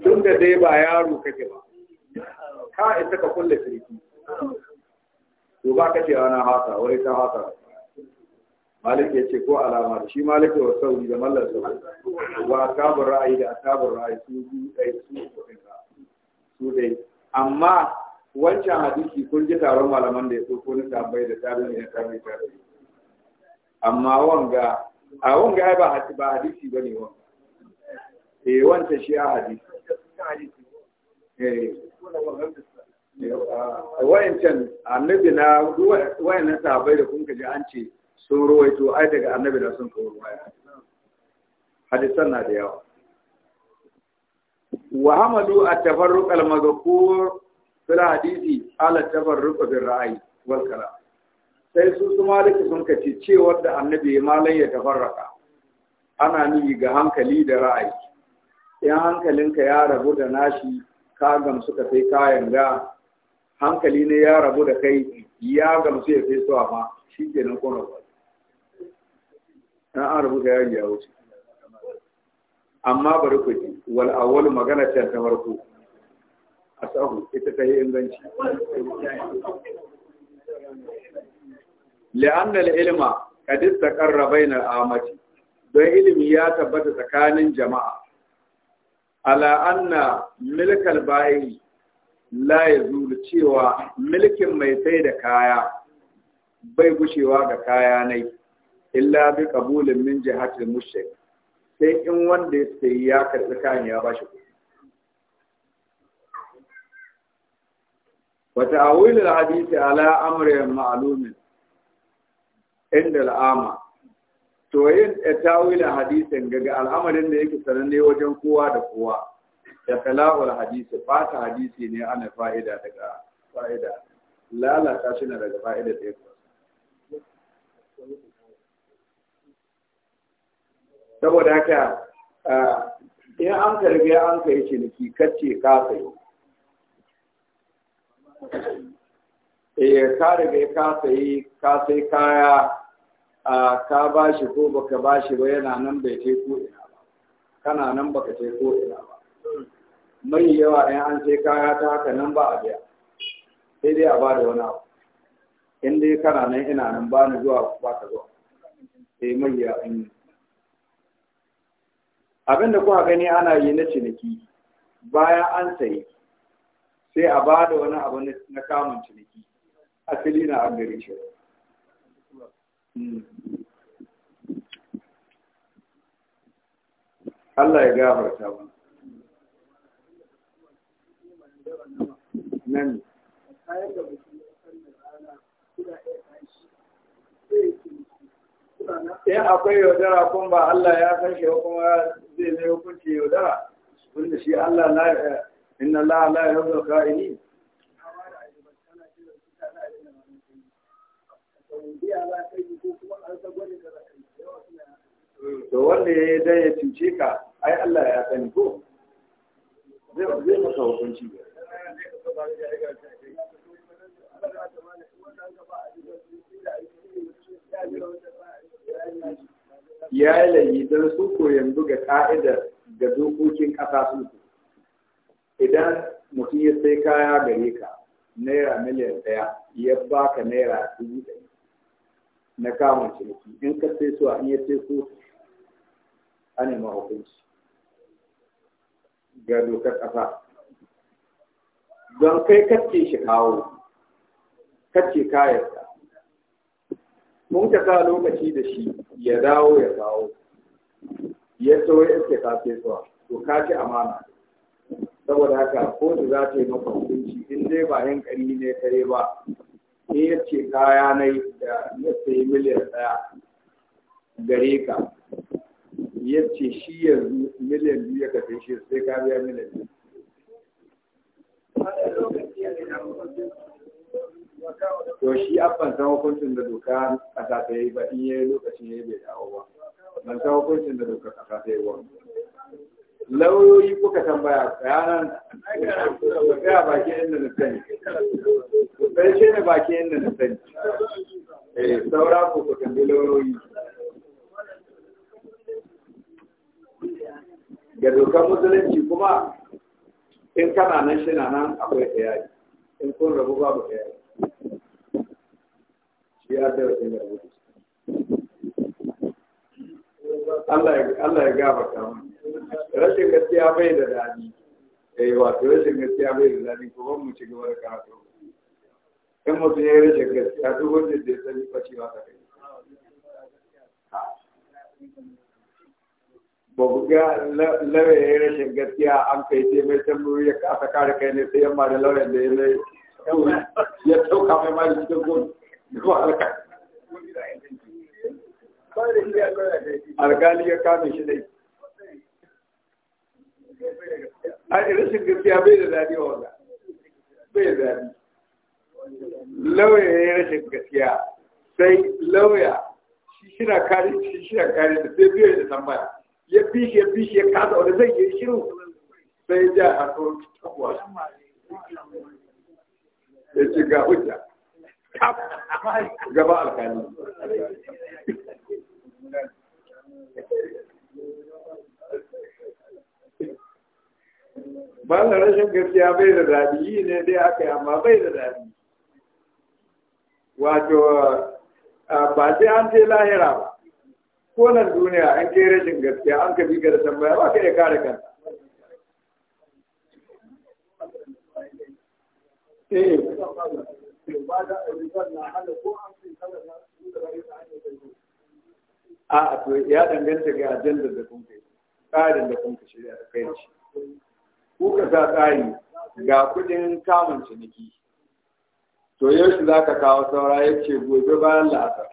tun da dai ba yaro kake ba ka isa ka kulle shirki to ba ka ce ana haka wai ta haka. malik ya ce ko alama da shi malik wa sauri da mallar sauri wa asabun ra'ayi da asabun ra'ayi su biyu dai su su dai amma wancan hadisi kun ji taron malaman da ya so ko na tambayi da tarin da tarin tarin amma wanga a wanga ba hadisi ba ne wanga eh wancan shi a hadisi eh, eh wayancan annabi na wayannan sahabbai da kun kaji an ce sun ruwaito ai daga annabi na sun kawo ruwaya hadisan na da yawa wa hamadu at-tafarruq al fil hadisi ala tafarruq bil ra'ayi, wal kalam sai su su maliki sun kace cewar da annabi malan ya tafarraka ana nuni ga hankali da ra'ayi in hankalinka ya rabu da nashi ka gamsu ka sai kayan ga hankali ne ya rabu da kai ya gamsu ya sai suwa ma shi ke nan kona ba na an rabu da yari ya wuce amma bari ku ji wal awwal magana ce ta farko asahu ita ta yi inganci li'anna al-ilma qad istaqarra bayna al-amati don ilimi ya tabbata tsakanin jama'a ala anna milkal bayi la ya cewa milkin mai sai da kaya bai gushewa ga kaya nai illa bi kabulin min jihatil mushrik sai in wanda ya sayi ya karɓi kayan ya bashi kuɗi wata awilul hadisi ala amrin ma'lumin inda al'ama to yin tawila hadisin gaga al'amarin da yake sananne wajen kowa da kowa da kala'ul hadisi fata hadisi ne ana fa'ida daga fa'ida lalata shi na daga fa'ida da yake saboda haka in an karbi an kai ciniki kacce ka sayo eh ka bai ka sayi ka sai kaya a ka ba shi ko baka ba shi ba yana nan bai ce ko ina ba kana nan baka ce ko ina ba mai yawa in an sai kaya ta haka nan ba a biya sai dai a ba da wani abu in dai kana nan ina nan ba ni zuwa ba ka zuwa sai eh, mai yawa in yi abin da gani ana yi na ciniki bayan an sayi sai a ba da wani abu na kamun ciniki asali na an gare shi Allah ya gafarta ba. Nan. Ya akwai yaudara kuma ba Allah ya san shi kuma zai mai hukunci yaudara, wanda shi Allah na inna Allah la yaudara ka'ini. to wanda ya yi dan ya cuce ka ai Allah ya sani ko zai zai hukunci ya yi layi don su ko yanzu ga ka'idar ga dokokin ƙasa su idan mutum ya sai kaya gare ka naira miliyan ɗaya ya baka naira dubu ɗaya. na kamun ciniki in ka sai su a iya sai su a nema hukunci ga dokar ƙasa don kai kacce shi kawo kacce kayarsa mun ka sa lokaci da shi ya dawo ya kawo ya so ya iske kafe zuwa to ka ci amana saboda haka kotu za ta yi maka hukunci in dai ba yin ƙari ne kare ba sai ya ce kaya na da ya sayi miliyan ɗaya gare ka ya ce shi yanzu miliyan biyu ya kafin shi sai ka biya miliyan biyu to shi abban san hukuncin da doka ƙasa ta yi ba in yi lokacin ya yi bai dawo ba ban san hukuncin da doka ƙasa ta yi ba lauyoyi kuka tambaya bayanan ku tsaya bakin inda na sani ku tsaye ne bakin inda na sani eh saura ku ku tambayi lauyoyi ga dokar musulunci kuma in kana nan shi na nan akwai ɗaya. in kun rabu babu tsayari shi ya da wajen rabu Allah ya gafarta mana rashin gaskiya bai da daɗi eh wato rashin gaskiya bai da daɗi ko ban mu ci gaba da karatu in mutum ya yi rashin gaskiya duk wanda da ya sani ta kai ba ku ga ya yi rashin gaskiya an kai mai tambayoyi ya kasa kare kai ne sai yamma da da ya mai ya tauka mai cikin gudu ya kame shi dai a rashin gaskiya bai da daɗi wa wanda bai da daɗi lauya ya yi rashin gaskiya sai lauya shi shina kare shi shina kare da sai biyo da tambaya ya shi ya shi ya kasa wanda zai yi shiru sai ja a to takwas ya ce ga hujja gaba alkali ba na rashin gaskiya bai da daɗi yi ne dai aka yi amma bai da daɗi wato ba sai an ce lahira ba ko nan duniya an kai rashin gaskiya an ka bi ga da tambaya ba ka iya kare kanta eh a to ya danganta ga ajandar da kun kai ƙarin da kun ka shirya da kai Kuka za sa tsari ga kudin kamun ciniki to yaushe za ka kawo saura ya ce gobe bayan la'asar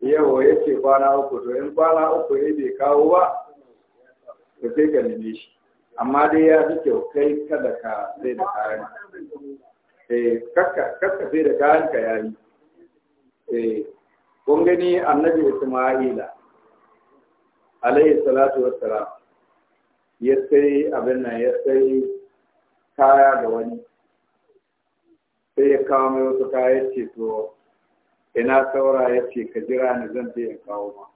yawa ya ce kwana uku to yin kwana uku ya bai kawo ba Ka sai ka neme shi amma dai ya fi kyau kai kada ka sai da kayan eh kakka sai da kayan ka yayi eh kun gani annabi Isma'ila alaihi salatu wassalam ya sai abin nan ya sai kaya ga wani sai ya kawo mai wasu kaya ce to ina saura ya ce ka jira ni zan je in kawo ma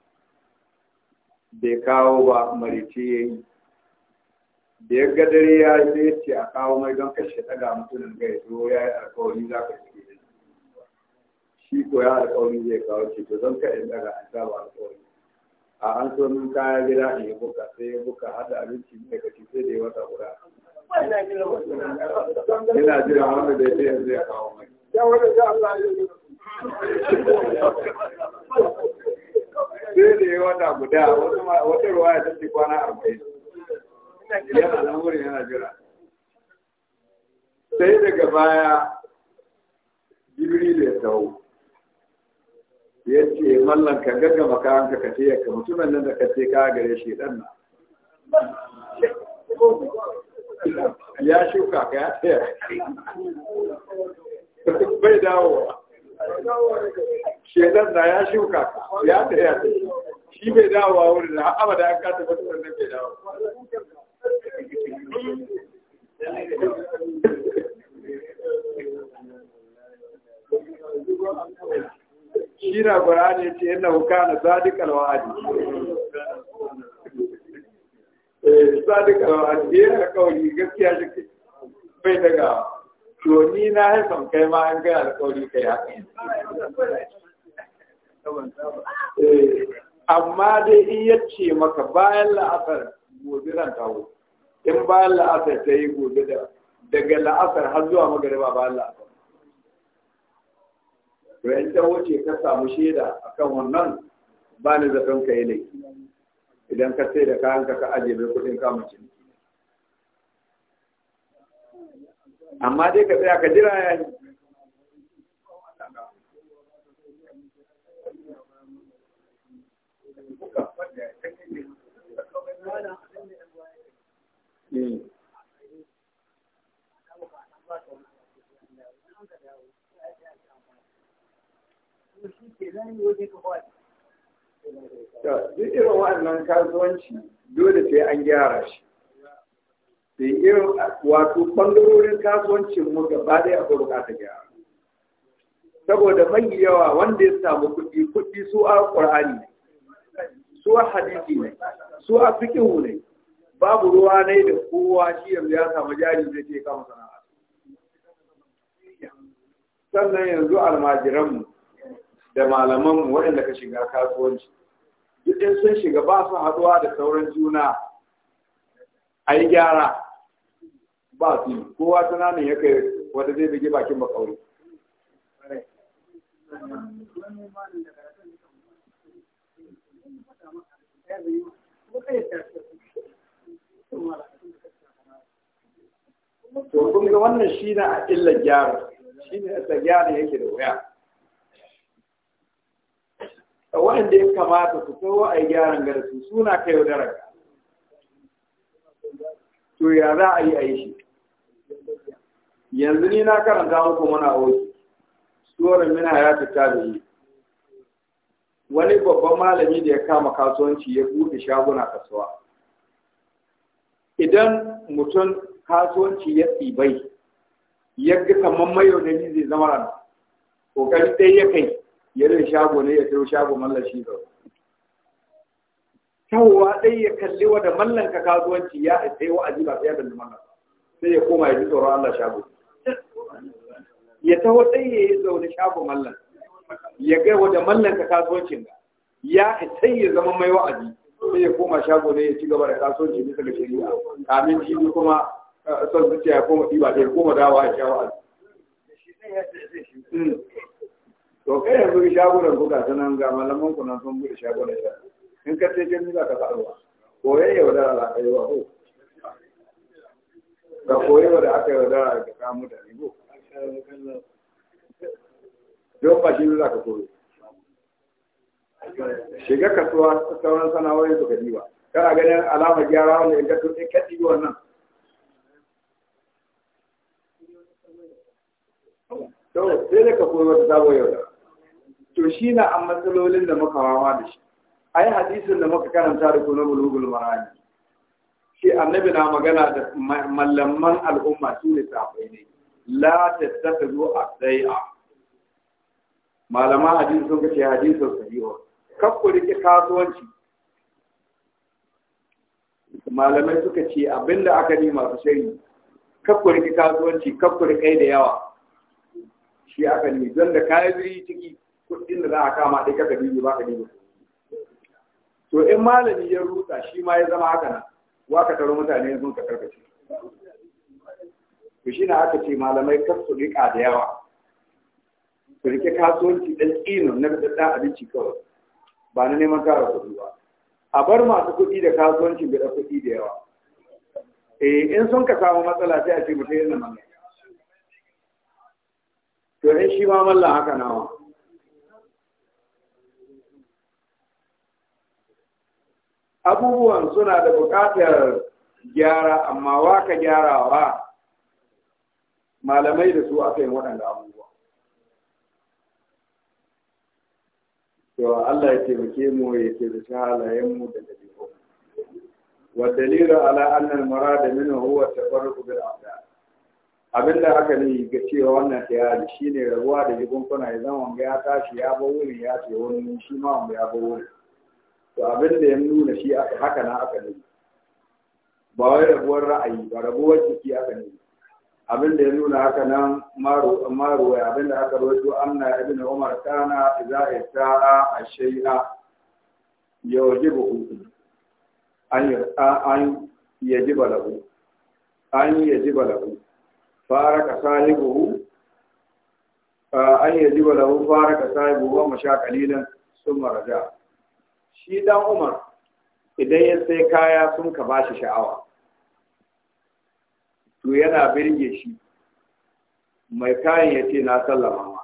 bai kawo ba marici ya yi da ya ga ya yi sai ya ce a kawo mai don kashe daga mutumin gai, to ya yi alkawari za ka shi ko ya alkawari zai kawo ce to zan ka in daga an saba alkawari a an so min kaya gida in yi buka sai ya buka hada abinci mai kaci sai da ya wata guda ina jira wanda da ya ce yanzu ya kawo mai ya wani ya Allah ya yi sai da ya wata guda wata ruwa ya tafi kwana arba'in yana nan wurin yana jira sai daga baya jibril ya tawo ya ce mallan ka gaggama kayan ka ce ka mutumin nan da ka ce ka gare shi dan na ya shuka ka ya tsaya bai dawowa shedan na ya shuka ya tsaya shi bai dawo a wurin na abada an kata mutumin nan bai dawo shi na qur'ani ce yana hukana sadiqal wa'adi eh sadiqal wa'adi ya eh, kauri gaskiya shi bai daga to ni na haifan kai ma an kai alƙawari kai haka eh, amma dai in ya ce maka bayan la'asar gobe ran tawo in bayan la'asar ta yi gobe da daga la'asar har zuwa magariba bayan la'asar to in ta wuce ka samu shaida akan wannan ba ni zafin ka yi laifi idan ka sai da kayan ka aje mai kudin kamun ciniki amma dai ka tsaya ka jira ya yi Mm. to Duk irin wannan kasuwanci dole sai an gyara shi. Da irin wato ɓangarorin kasuwancin mu gaba ɗaya akwai buƙatar gyara. Saboda mai yawa wanda ya samu kuɗi, kuɗi su a ƙur'ani ne, su a hadisi ne, su a fikihu ne, babu ruwa ne da kowa shi yanzu ya samu jari zai ce kama sana'a. Sannan yanzu almajiranmu da malaman mu waɗanda ka shiga kasuwanci duk ɗan sun shiga ba su haɗuwa da sauran juna a yi gyara ba su yi kowa tunanin ya kai wanda zai bige bakin bakauri to kun ga wannan shi na a illar gyara shi ne a gyara yake da wuya wanda ya kamata su kawo a yi gyaran gada su suna kai daraka. to ya za a yi a shi yanzu ni na karanta muku muna oki suwarin mina ya fita da yi wani babban malami da ya kama kasuwanci ya buɗe shaguna kasuwa idan mutum kasuwanci ya tsibai ya ga kamar ni zai zama rana ƙoƙari ɗaya ya kai yarin shago ne ya sayo shago mallan shi zau tawowa dai ya kalli wa da mallan ka kasuwanci ya sai wa ajiba sai ya dalli mallan sai ya koma ya ji tsoron Allah shago ya taho dai ya yi zaune shago mallan ya ga wa da mallan ka kasuwancin ya sai ya zama mai wa'azi sai ya koma shago ne ya ci gaba da kasuwanci bisa ga shari'a kamin shi kuma eh, son zuciya ya koma ɗiba ya koma dawa ya sha wa'azi hmm. to kai yanzu shagunan ku ga sanan ga malaman ku nan sun bude shagunan ya in ka ce ni za ka faruwa koye yau da ala kai wa ko ga koye da aka yau da ga ka da ko don ba shi za ka koyo shiga kasuwa sauran sana'o'i su ka diba kana ganin alama gyara wanda in ka tuɗe ka dibi wannan to sai da ka koyo wata sabo yau da to shi na an matsalolin da muka wama da shi ai hadisin da muka karanta da kuna bulugul marani shi annabi na magana da mallaman al'umma su ne safai ne la tattakhudhu a malama hadisi sun kace hadisin sahiha kakku ke kasuwanci malamai suka ce abinda aka ne masu shari kakku ke kasuwanci kakku kai da yawa shi aka ne don da kayan biri ciki kuɗin da za a kama ɗai ka dibi ba ka dibi to in malami ya rusa shi ma ya zama haka nan wa ka taro mutane sun ka karkace to shi na aka ce malamai kar su rika da yawa su rike kasuwanci ɗan tsino na ɗan abinci kawai ba na neman kara kuɗi ba a bar masu kuɗi da kasuwancin da kuɗi da yawa eh in sun ka samu matsala sai a ce mutum yana mallaka to in shi ma mallan haka nawa abubuwan suna da buƙatar gyara amma waka ka gyarawa malamai da su aka yi waɗanda abubuwa yawa Allah ya taimake mu ya taimaki halayenmu da ɗabi'u wa dalilu ala annal marada minhu huwa tafarruqu bil Abin da aka ne ga cewa wannan tayari shine rabuwa da jikun ya zama ya tashi ya bar ya ce wani shi ma ya bar to abin da ya nuna shi aka haka na aka nuna ba wai rabuwar ra'ayi ba rabuwar jiki aka nuna abin da ya nuna haka nan maro ya abin da aka rawaito anna ibn umar kana idza ita'a ashay'a yajibu an an yajiba lahu an yajiba lahu faraka sahibuhu an yajiba lahu faraka sahibuhu wa masha qalilan thumma raja'a shi dan umar idan ya sai kaya sun ka ba shi sha'awa to yana birge shi mai kayan ya ce na sallama ma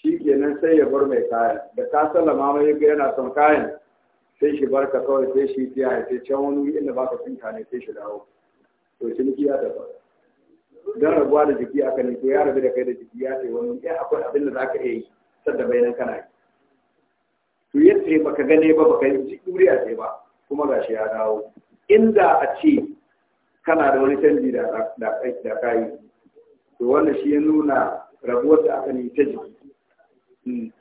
shi kenan sai ya bar mai kayan da ka sallama ma ya ga yana son kayan sai shi barka kawai sai shi tiya ya ce can wani wuri inda baka tsinka ne sai shi dawo to ciniki ya tabbata don rabuwa da jiki aka ne to ya rabu da kai da jiki ya ce wani ya eh, akwai abin da za ka iya yi sadda bayanan kana yi ce baka gane ba baka yi a ce ba kuma shi ya dawo inda a ce kana da wani canji da da kai to wannan shi ya nuna rabuwar da aka yi ta jiki hmm.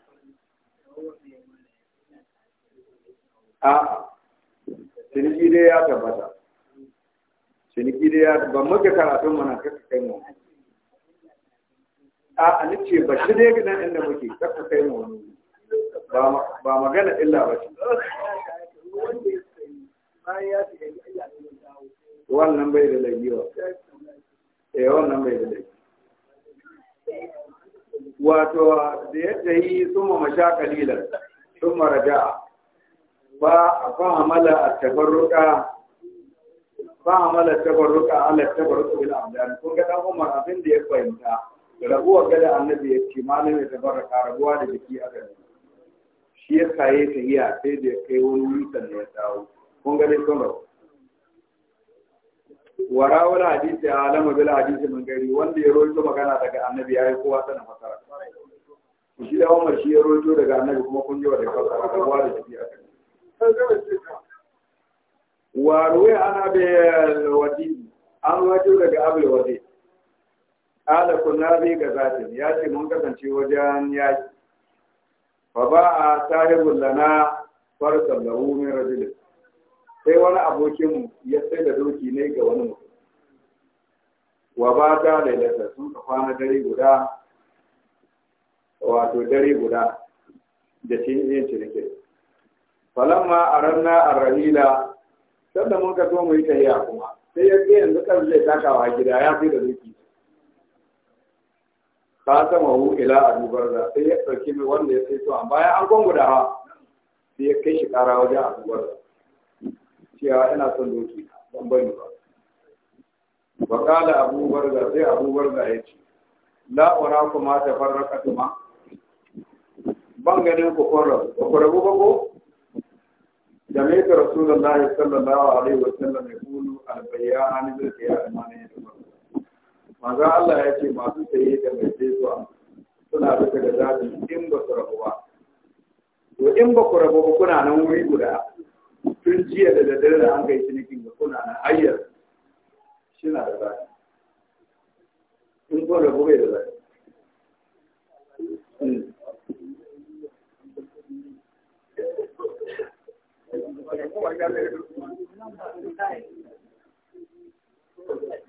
a ciniki dai ya tabbata ciniki dai ya ban muka karatun mana kaka kai mu a ce ba shi dai gidan inda muke kaka kai mu wani ba magana illa ba ce wannan bai da lagiwa eh wannan bai da lagiwa wato da yadda yi suma masha kalilan suma raja'a ba a fahimala a tabarruka fa'amala tabarruka ala tabarruka bil abdan kun ga dan Umar abin da ya fahimta rabuwa gada annabi ya ce malamin tabarruka rabuwa da jiki a gani. shi ya kaye ta iya sai da ya kai wani wutan da ya dawo kun ga dai sono wara wala hadisi a alama bil hadisi mun gari wanda ya rojo magana daga annabi ya yi kowa sana fasara shi da Umar shi ya rojo daga annabi kuma kun jiwa da fasara kowa da shi a kai wa ruwa ana bil wadi an wajo daga abul wadi ala kunna bi gazatin ya ce mun kasance wajen yaki faba'a ta a sahibul lana farsan lahu min rajul sai wani abokin ya sai da doki ne ga wani mutum wa ba ta lailata sun ka kwana dare guda wato dare guda da yin cinikin falamma a ranna a rahila sannan mun so mu yi tahiya kuma sai ya yanzu kan zai takawa gida ya fi da doki ka sama hu ila dubar da, sai ya ɗauki mai wanda ya sai an bayan an da ha sai ya kai shi ƙara wajen dubar da. cewa ina son doki ban bari ba wa kala abu da sai abu barza ya ce la ura kuma ta farraka tuma ban ganin ku kun ku rabu ba ko جميع رسول الله صلى الله عليه وسلم يقول البيان بالقيام ما يدبر maza Allah ya ce masu saye da mai sai zuwa suna bisa da zaɓi in ba su rabu ba to in ba ku rabu ba kuna nan wuri guda tun jiya da daddare da an kai cinikin ga kuna nan ayyar shi na da zaɓi in kun rabu bai da zaɓi Thank hmm. you.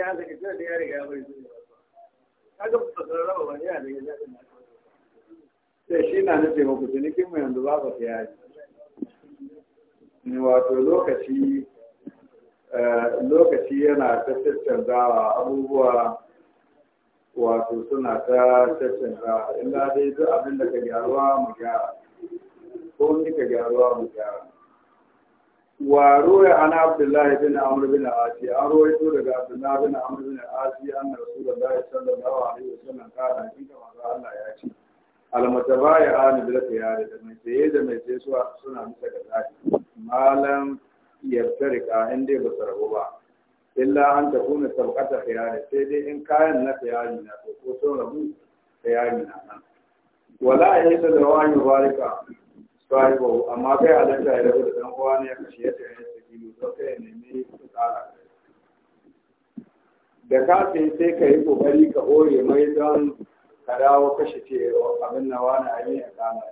ya zaka tana da ya riga ya bari kaga ba ka raba ba yana da ya sai shi na nufin ba ku cinikin mu yanzu ba ba ya yi wato lokaci eh, lokaci yana ta canzawa abubuwa wato suna ta canzawa illa dai duk abin da ka gyaruwa mu gyara ko ni ka gyaruwa mu gyara wa ruwa an abdullahi bin amr bin asi an ruwaito daga abdullahi bin amr bin asi an rasulullahi sallallahu alaihi wasallam kana hakika manzo Allah ya ce almatabaya an bil khiyar da mai saye da mai saye suna bisa ga tsari malam yartarika in dai ba sarabo ba illa an ta kuna sabqata khiyar sai dai in kayan na khiyari na to ko da wani barika sahibu amma kai halatta ya rabu da dan uwa ne ya kashe ya yi da kilo don ya nemi tsara da ka sai ka yi kokari ka hore mai don ka dawo kashe ce oh, abin na wani ayi ya kama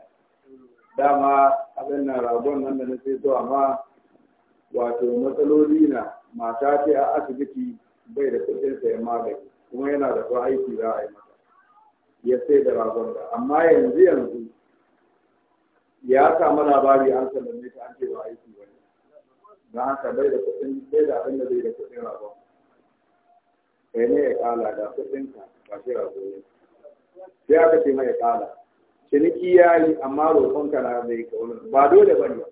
dama abin na ragon nan da na sai so amma wato matsaloli na mata ce a asibiti bai da kudin sayan magani kuma yana da aiki za a yi mata ya sai da ragon da amma yanzu yanzu ya samu labari an sallame ta an ce ba aiki ba Na don haka bai da kuɗin sai da abin da bai da kuɗin rabon kai ne ya kala da kuɗin ka ba shi rabo ne sai aka ce mai kala ciniki ya yi amma roƙon ka na zai kawo ba dole ba ne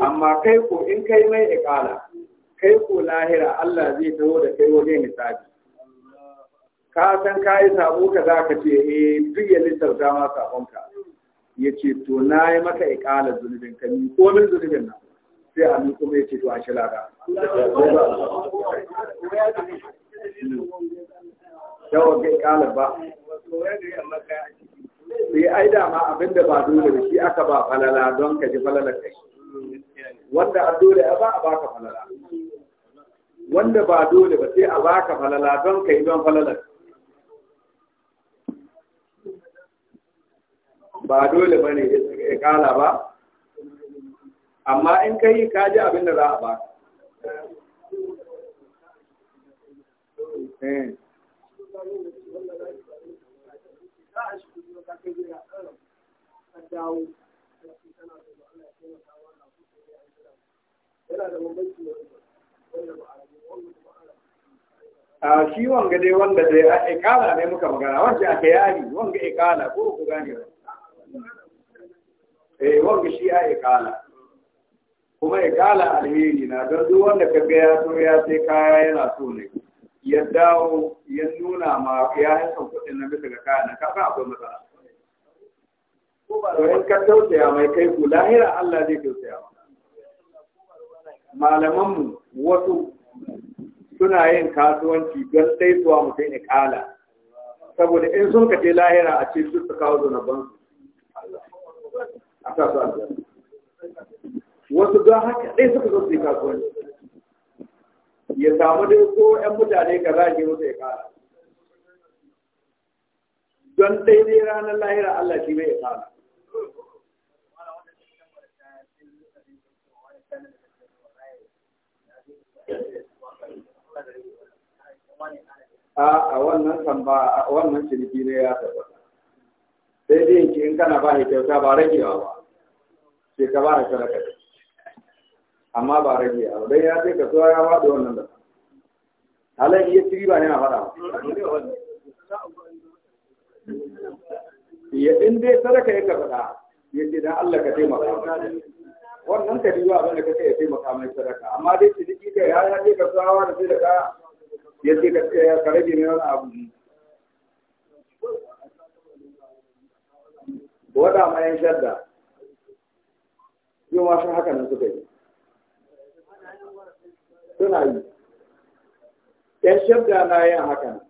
amma kai ko in kai mai ikala kai ko lahira Allah zai taho da kai wajen misali ka san ka yi sabo ka za ka ce eh duk ya lissafta ma ka ya ce to na yi maka ikalar zunubin ka ni komin zunubin nan sai a miƙo mai ce to a shi lada yawan ga ikalar ba sai ai dama abinda ba dole da shi aka ba falala don ka ji falalar kai wanda a dole ba a baka falala wanda ba dole ba sai a baka falala don ka yi don falalar ba dole ba ne ya kala ba amma in ka yi kaji abin da za a ba eh. a shi wanga dai wanda zai a ikala ne muka magana wanda ake yari wanga ikala ko ku gane ba eh wanga shi ya ikala kuma ikala alheri na don duk wanda ka ga ya so ya sai kaya yana so ne ya dawo ya nuna ma ya yi son kuɗin na bisa ga kaya na akwai matsala to in ka tausaya mai kai ku lahira Allah zai tausaya malamanmu wasu suna yin kasuwanci don daisuwa mutum ikala saboda in sun kace lahira a ce su su kawo zunubansu a wasu don haka ɗaya suka zo su yi kasuwanci ya samu dai ko 'yan mutane ka zage musu ya kara don ne ranar lahira Allah shi ya kara a wannan tamba wannan ciniki ne ya tabbata sai dai yanki in kana ba kyauta ba ragewa ba sai ka ba da sadaka amma ba ragewa ba dan ya sai ka so ya da wannan da halan iya tiri ba a faɗa ya in dai sadaka yake faɗa ya ce dan Allah ka taimaka wannan ka duba abin da kake ya taimaka mai sadaka amma dai ciniki ka ya ya ce ka sawa da sai da ka ya ce ka rage ne wani abu da mayan ma yan shadda yau ma haka nan suka yi suna yi yan shadda na yin haka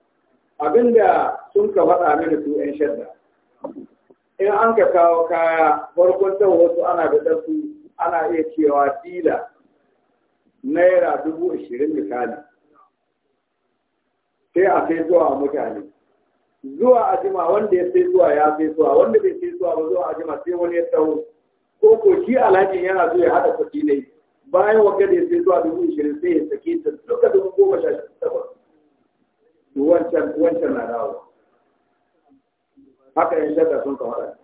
abinda sun ka faɗa mini su yan shadda in an ka kawo kaya farkon ta wasu ana da dasu ana iya cewa dila naira dubu ashirin misali sai a sai zuwa mutane zuwa ajima wanda ya sai zuwa ya sai zuwa wanda bai sai zuwa ba zuwa ajima sai wani ya tsawo ko ko shi alhaji yana so ya hada kuɗi ne bayan wanda da ya sai zuwa dubu ishirin sai ya sake ta duka dubu goma sha shida takwas wancan wancan na dawo haka yin shaka sun kawara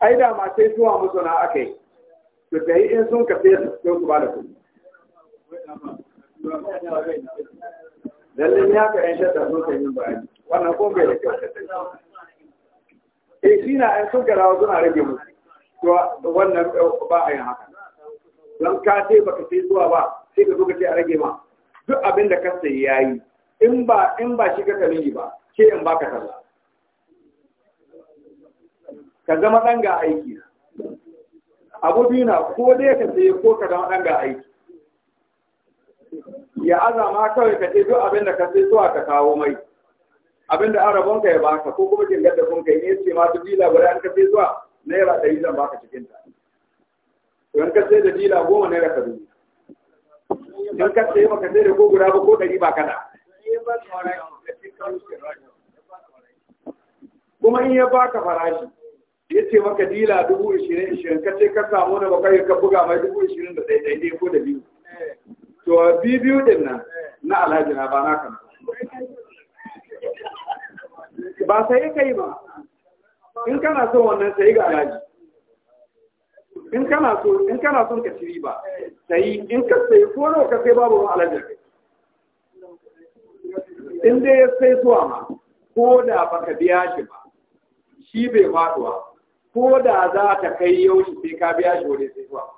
ai da ma sai zuwa musu na aka yi to ta yi in sun ka sai su ba da kuɗi lallai ya ka yan shadda sun kan yin bayani wannan ko bai da kyau eh shi na ai sun garawa suna rage musu to wannan eh, ba a yin haka Dan ka ce baka sai zuwa ba sai ka zo ka ce a rage ma duk abin da ka sai yayi in ba in ba shi ka yi ba ke in baka talla ka zama dan ga aiki abu biyu na ko dai ka sai ko ka zama dan ga aiki ya azama kawai ka ce duk abin da ka sai zuwa ka kawo mai abin da arabonka ya baka ko kuma jingar da kun kai ne ce ma su jila guda an ka sai zuwa naira ɗari zan baka cikin ta to ka sai da jila goma naira ka dubu in ka sai maka sai da ko guda ba ko ɗari ba kada kuma in ya baka farashi ya ce maka dila dubu ishirin ishirin ka ce ka samu na baka ka buga mai dubu ishirin da ɗaiɗai ko da biyu to bibiyu din nan na alhaji na ba na kan ba sai kai yi ba in kana son wannan sai ga alhaji in kana so in kana son ka ci ba sai in ka sai ko nawa ka sai babu wani alhaji in dai ya sai zuwa ma ko da baka biya shi ba shi bai faduwa ko da za ta kai yau sai ka biya shi wani sai zuwa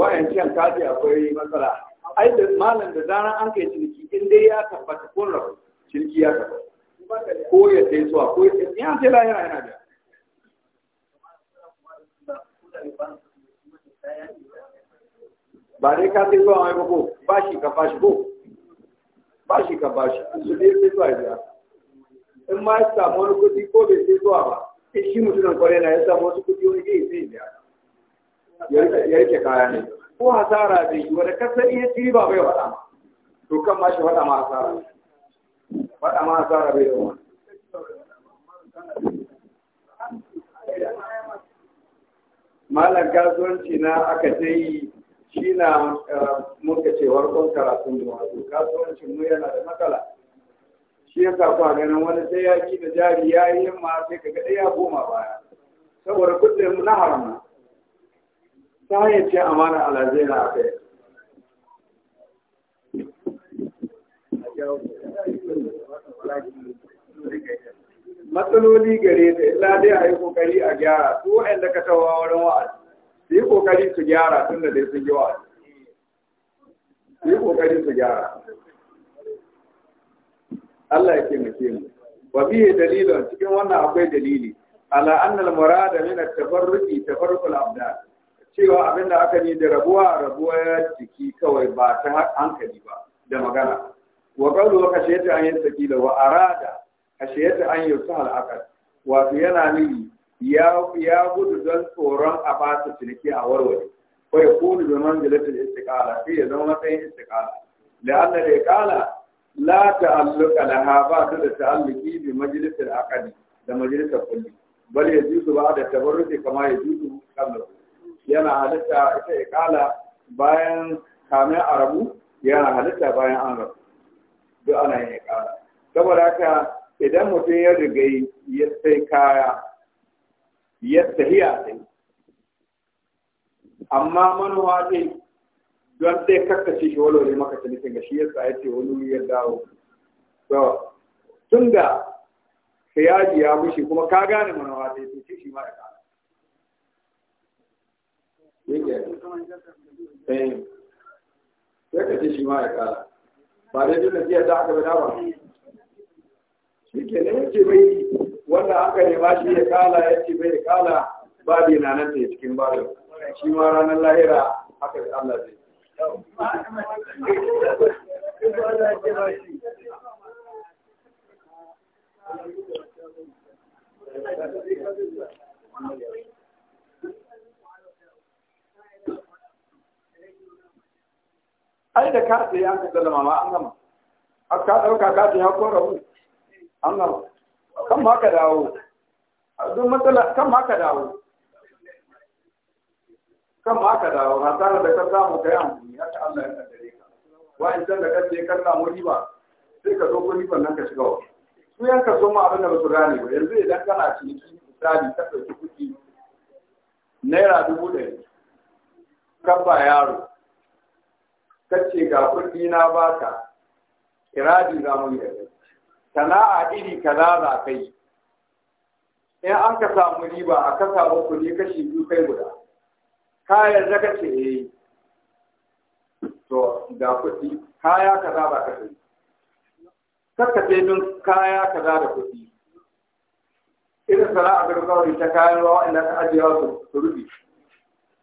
wayancan kaji akwai matsala ai da malam da zaran an kai ciniki in dai ya tabbata ko rabu ciniki ya tabbata ko ya sai suwa ko ya sai ya sai lahira yana da ba dai ka sai zuwa mai ba ko bashi ka bashi ko bashi ka bashi su dai sai zuwa ya in ma ya samu wani kuɗi ko bai sai zuwa ba in shi mutumin kwarai na ya samu wasu kuɗi wani ke zai biya ya rike kaya ne ko hasara zai yi wanda kasa iya ci ba bai faɗa ma to kan ma shi faɗa ma hasara faɗa ma hasara bai yawa malam kasuwanci na aka ta shi na eh, muka ce warkon karatun da wato kasuwancin mu yana da matsala shi ya sa ganin wani sai ya ki da jari ya yi himma sai ka ga ɗaya goma baya saboda kuɗin na haram ta hanyar ce amana alazaina a kai matsaloli gare ta illa dai a yi kokari a gyara su waɗanda ka tawa wurin wa'azi su yi kokari su gyara tun da dai sun yi wa'azi su yi kokari su gyara Allah ya taimake mu wa biye dalilun cikin wannan akwai dalili ala annal murada min at-tafarruqi tafarruqul abdan cewa abinda aka ni da rabuwa rabuwa ya ciki kawai ba ta hankali ba da magana wa qawlu wa kashayta an yastakila wa arada kashayta an yusahal aqal wato yana nuni ya ya gudu don tsoron a ba su ciniki a warware ko ya kunu da manzilatul istiqala sai ya zama matsayin istiqala la'anna da iqala la ta'alluqa laha ba ta da ta'alluqi bi majlisil aqdi da majalisar kulli bal yajuzu ba da tabarruki kama yajuzu qabla yana halitta ita iqala bayan kame arabu yana halitta bayan an rabu duk ana yin iqala saboda haka idan mutum ya riga ya sai kaya ya tahiya sai amma manuwa dai don dai kakkace shi wani maka cinikin ga shi yasa ya ce wani ya dawo to tun da yaji ya bushe kuma ka gane manawa dai to shi ma ya kana yake eh. sai ka ce shi ma ya kara ba dai duk da da aka bada ba shi ke ne yake bai wanda aka nema shi ya kala ce bai kala babi na nan ta cikin babin shi ma ranar lahira haka Allah zai ai da ka tsaye an ka sallama an gama ka ɗauka ka kun rabu an gama kan ma dawo duk matsala kan ka dawo kan ba ka dawo hasara da ka samu kai amfani haka Allah ya kaddare ka wa'in can da kace kan samu riba sai ka zo ko riban nan ka shiga wa su yan ka so ma abin da ba su gane ba yanzu idan kana ciniki misali ka ɗauki kuɗi naira dubu ɗari ka ba yaro kace ga kuɗi na baka kiradi za mu yi sana'a iri kaza za kai in an ka samu riba a kasa ku ne kashi biyu kai guda kaya zaka ce eh to ga kuɗi kaya kaza ba ka sai kakka sai min kaya kaza da kuɗi irin sana'a gargawa ta kayan ruwa wa'anda ka ajiye su su rubi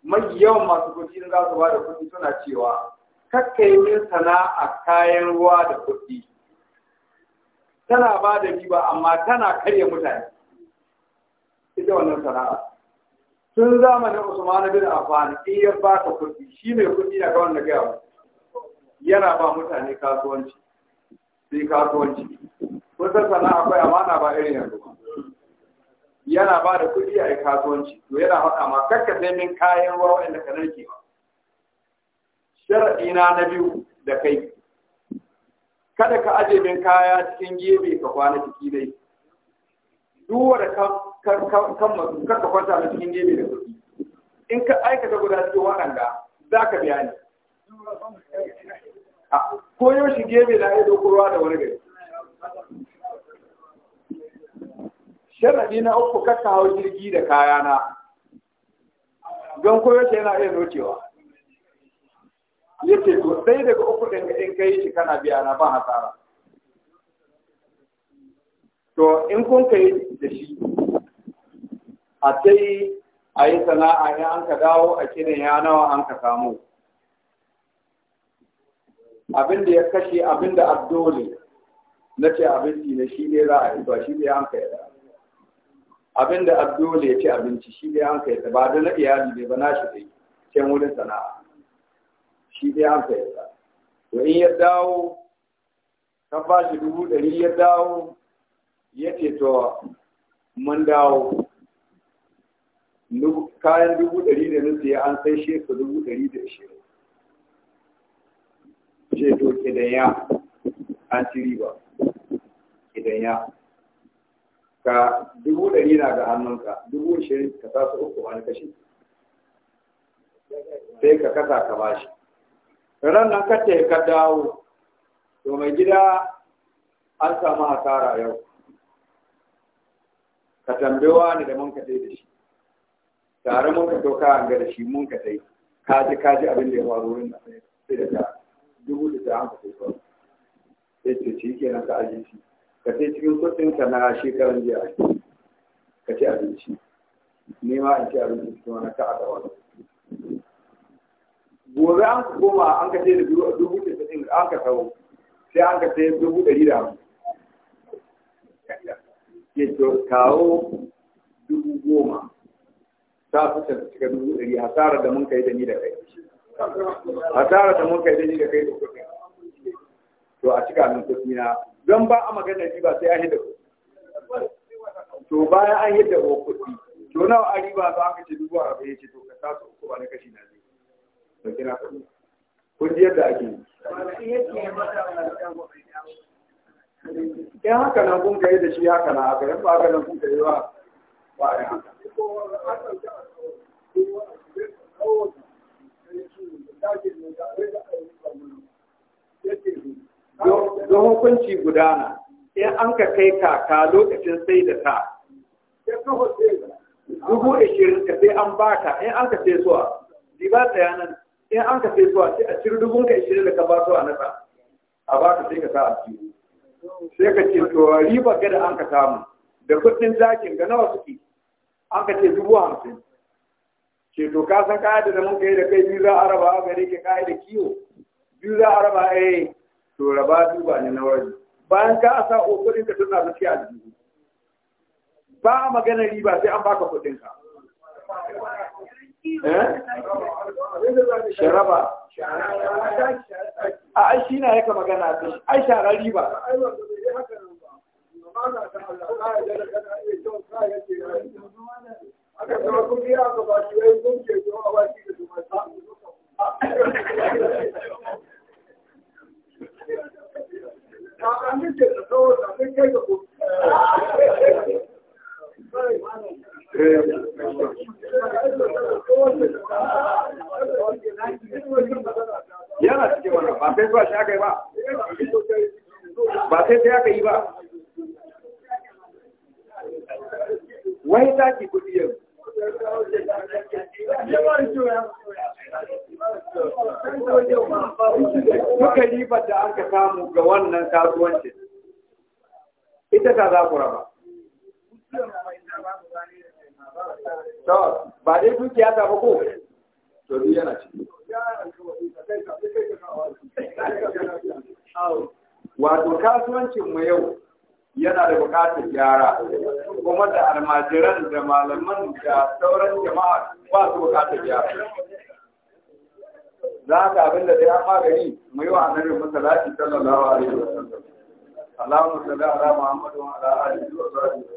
mai yawan masu kuɗi na za su ba da kuɗi suna cewa kakka yi min sana'a kayan ruwa da kuɗi tana ba da riba amma tana karya mutane ita wannan sana'a tun zamanin Usman bin Affan in ya baka kuɗi shi mai kuɗi na ga wanda gaya yana ba mutane kasuwanci sai kasuwanci kusan sana akwai amana ba irin yanzu yana ba da kuɗi a yi kasuwanci to yana faɗa ma kakka sai min kayan ruwa waɗanda ka narke ba sharaɗi na biyu da kai kada ka aje min kaya cikin gebe ka kwana ciki dai duk wanda kan masu kan ka kwanta na cikin gebe da kuɗi in ka aikata guda cikin waɗanda za ka biya ni ko yau shi gebe na ya dokurowa da wani gari sharaɗi na uku ka hau jirgi da kayana don koyo yana iya nocewa yace to sai daga uku ɗin in kai shi kana biya na ba hasara to in kun kai da shi a sai a yi sana'a ya an ka dawo a kinin ya nawa an ka samu abin da ya kashe abin da abdole na ce abinci ne shi ne za a yi ba shi ne an ka yada abin da abdoli ya ce abinci shi ne an ka yada ba da na iyali ne ba na shi dai ke wurin sana'a shi ne an ka yada to in ya dawo ka ba shi dubu ɗari ya dawo ya ce to mun dawo kayan dubu ɗari da nufi an sai shi su dubu ɗari da ashirin ce to ya, an ci riba ya, ka dubu ɗari na ga hannunka dubu ashirin ka sa su uku wani kashe sai ka kasa ka bashi ran nan kace ka dawo to mai gida an samu asara yau ka tambewa ni da mun kaɗai da shi tare mun ka doka an gada shi mun ka sai ka ji abin da ya faru wurin da sai da ta dubu da ta an ka sai sai ce shi ke kenan ka aje shi ka sai cikin kudin ka na shekaran jiya ka ci abinci nema in ci abinci cikin wani ka aka wani gobe an ka koma an ka sai da dubu da sai an ka sau sai an ka sai dubu da rida hamsin ya kawo dubu goma ta su ta cika dubu ɗari hasarar da mun kai da ni da kai hasarar da mun kai da ni da kai da kuɗi to a cika min kuɗi na don ba a magana ba sai an da kuɗi to bayan an yi da kuɗi to nawa a riba za ka ce dubu ya ce to ka sa su uku ba na kashi na biyu da kira kuɗi kun yadda ake yi in haka nan kun kai da shi haka a haka yan ba haka nan kun kai ba don hukunci gudana in an ka kai kaka lokacin sai da ta dubu ashirin ka sai an baka in an ka sai suwa ba tsaya nan in an ka sai suwa sai a cire dubun ka ashirin da ka ba su a nasa a baka sai ka sa a ciki sai ka ce to riba gada da an ka samu da kudin zakin ga nawa suke an ka ce dubu hamsin ce to ka san ka'ida da mun kai da kai biyu za a raba a gari ka da kiwo biyu za a raba yi eh, to raba duba ne na waje. bayan ka a sa ofirin ka tana da a jiki ba a magana riba sai an baka kuɗin ka eh? sharaba a ai shi na yaka magana ai shara riba yana cikin wannan ba sai zuwa shi aka yi ba ba sai sai aka yi ba wai za ki kuɗi yau yi ribar da ka samu ga wannan kasuwancin, ita ta za ku raba. ba dai dukiya ta ko? tori yana ci Wato, kasuwancin mu yau, yana da buƙatar gyara kuma da almajiran da malaman da sauran jama'a ba su buƙatar gyara za ka abin da ya an magani mu yi wa annabi masallaci sallallahu alaihi wa sallam Allahumma salli ala Muhammadu wa ala alihi wa sahbihi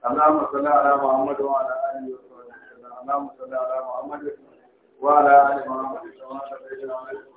Allahumma salli ala Muhammad wa ala alihi wa sahbihi Allahumma salli ala Muhammad wa ala alihi wa sahbihi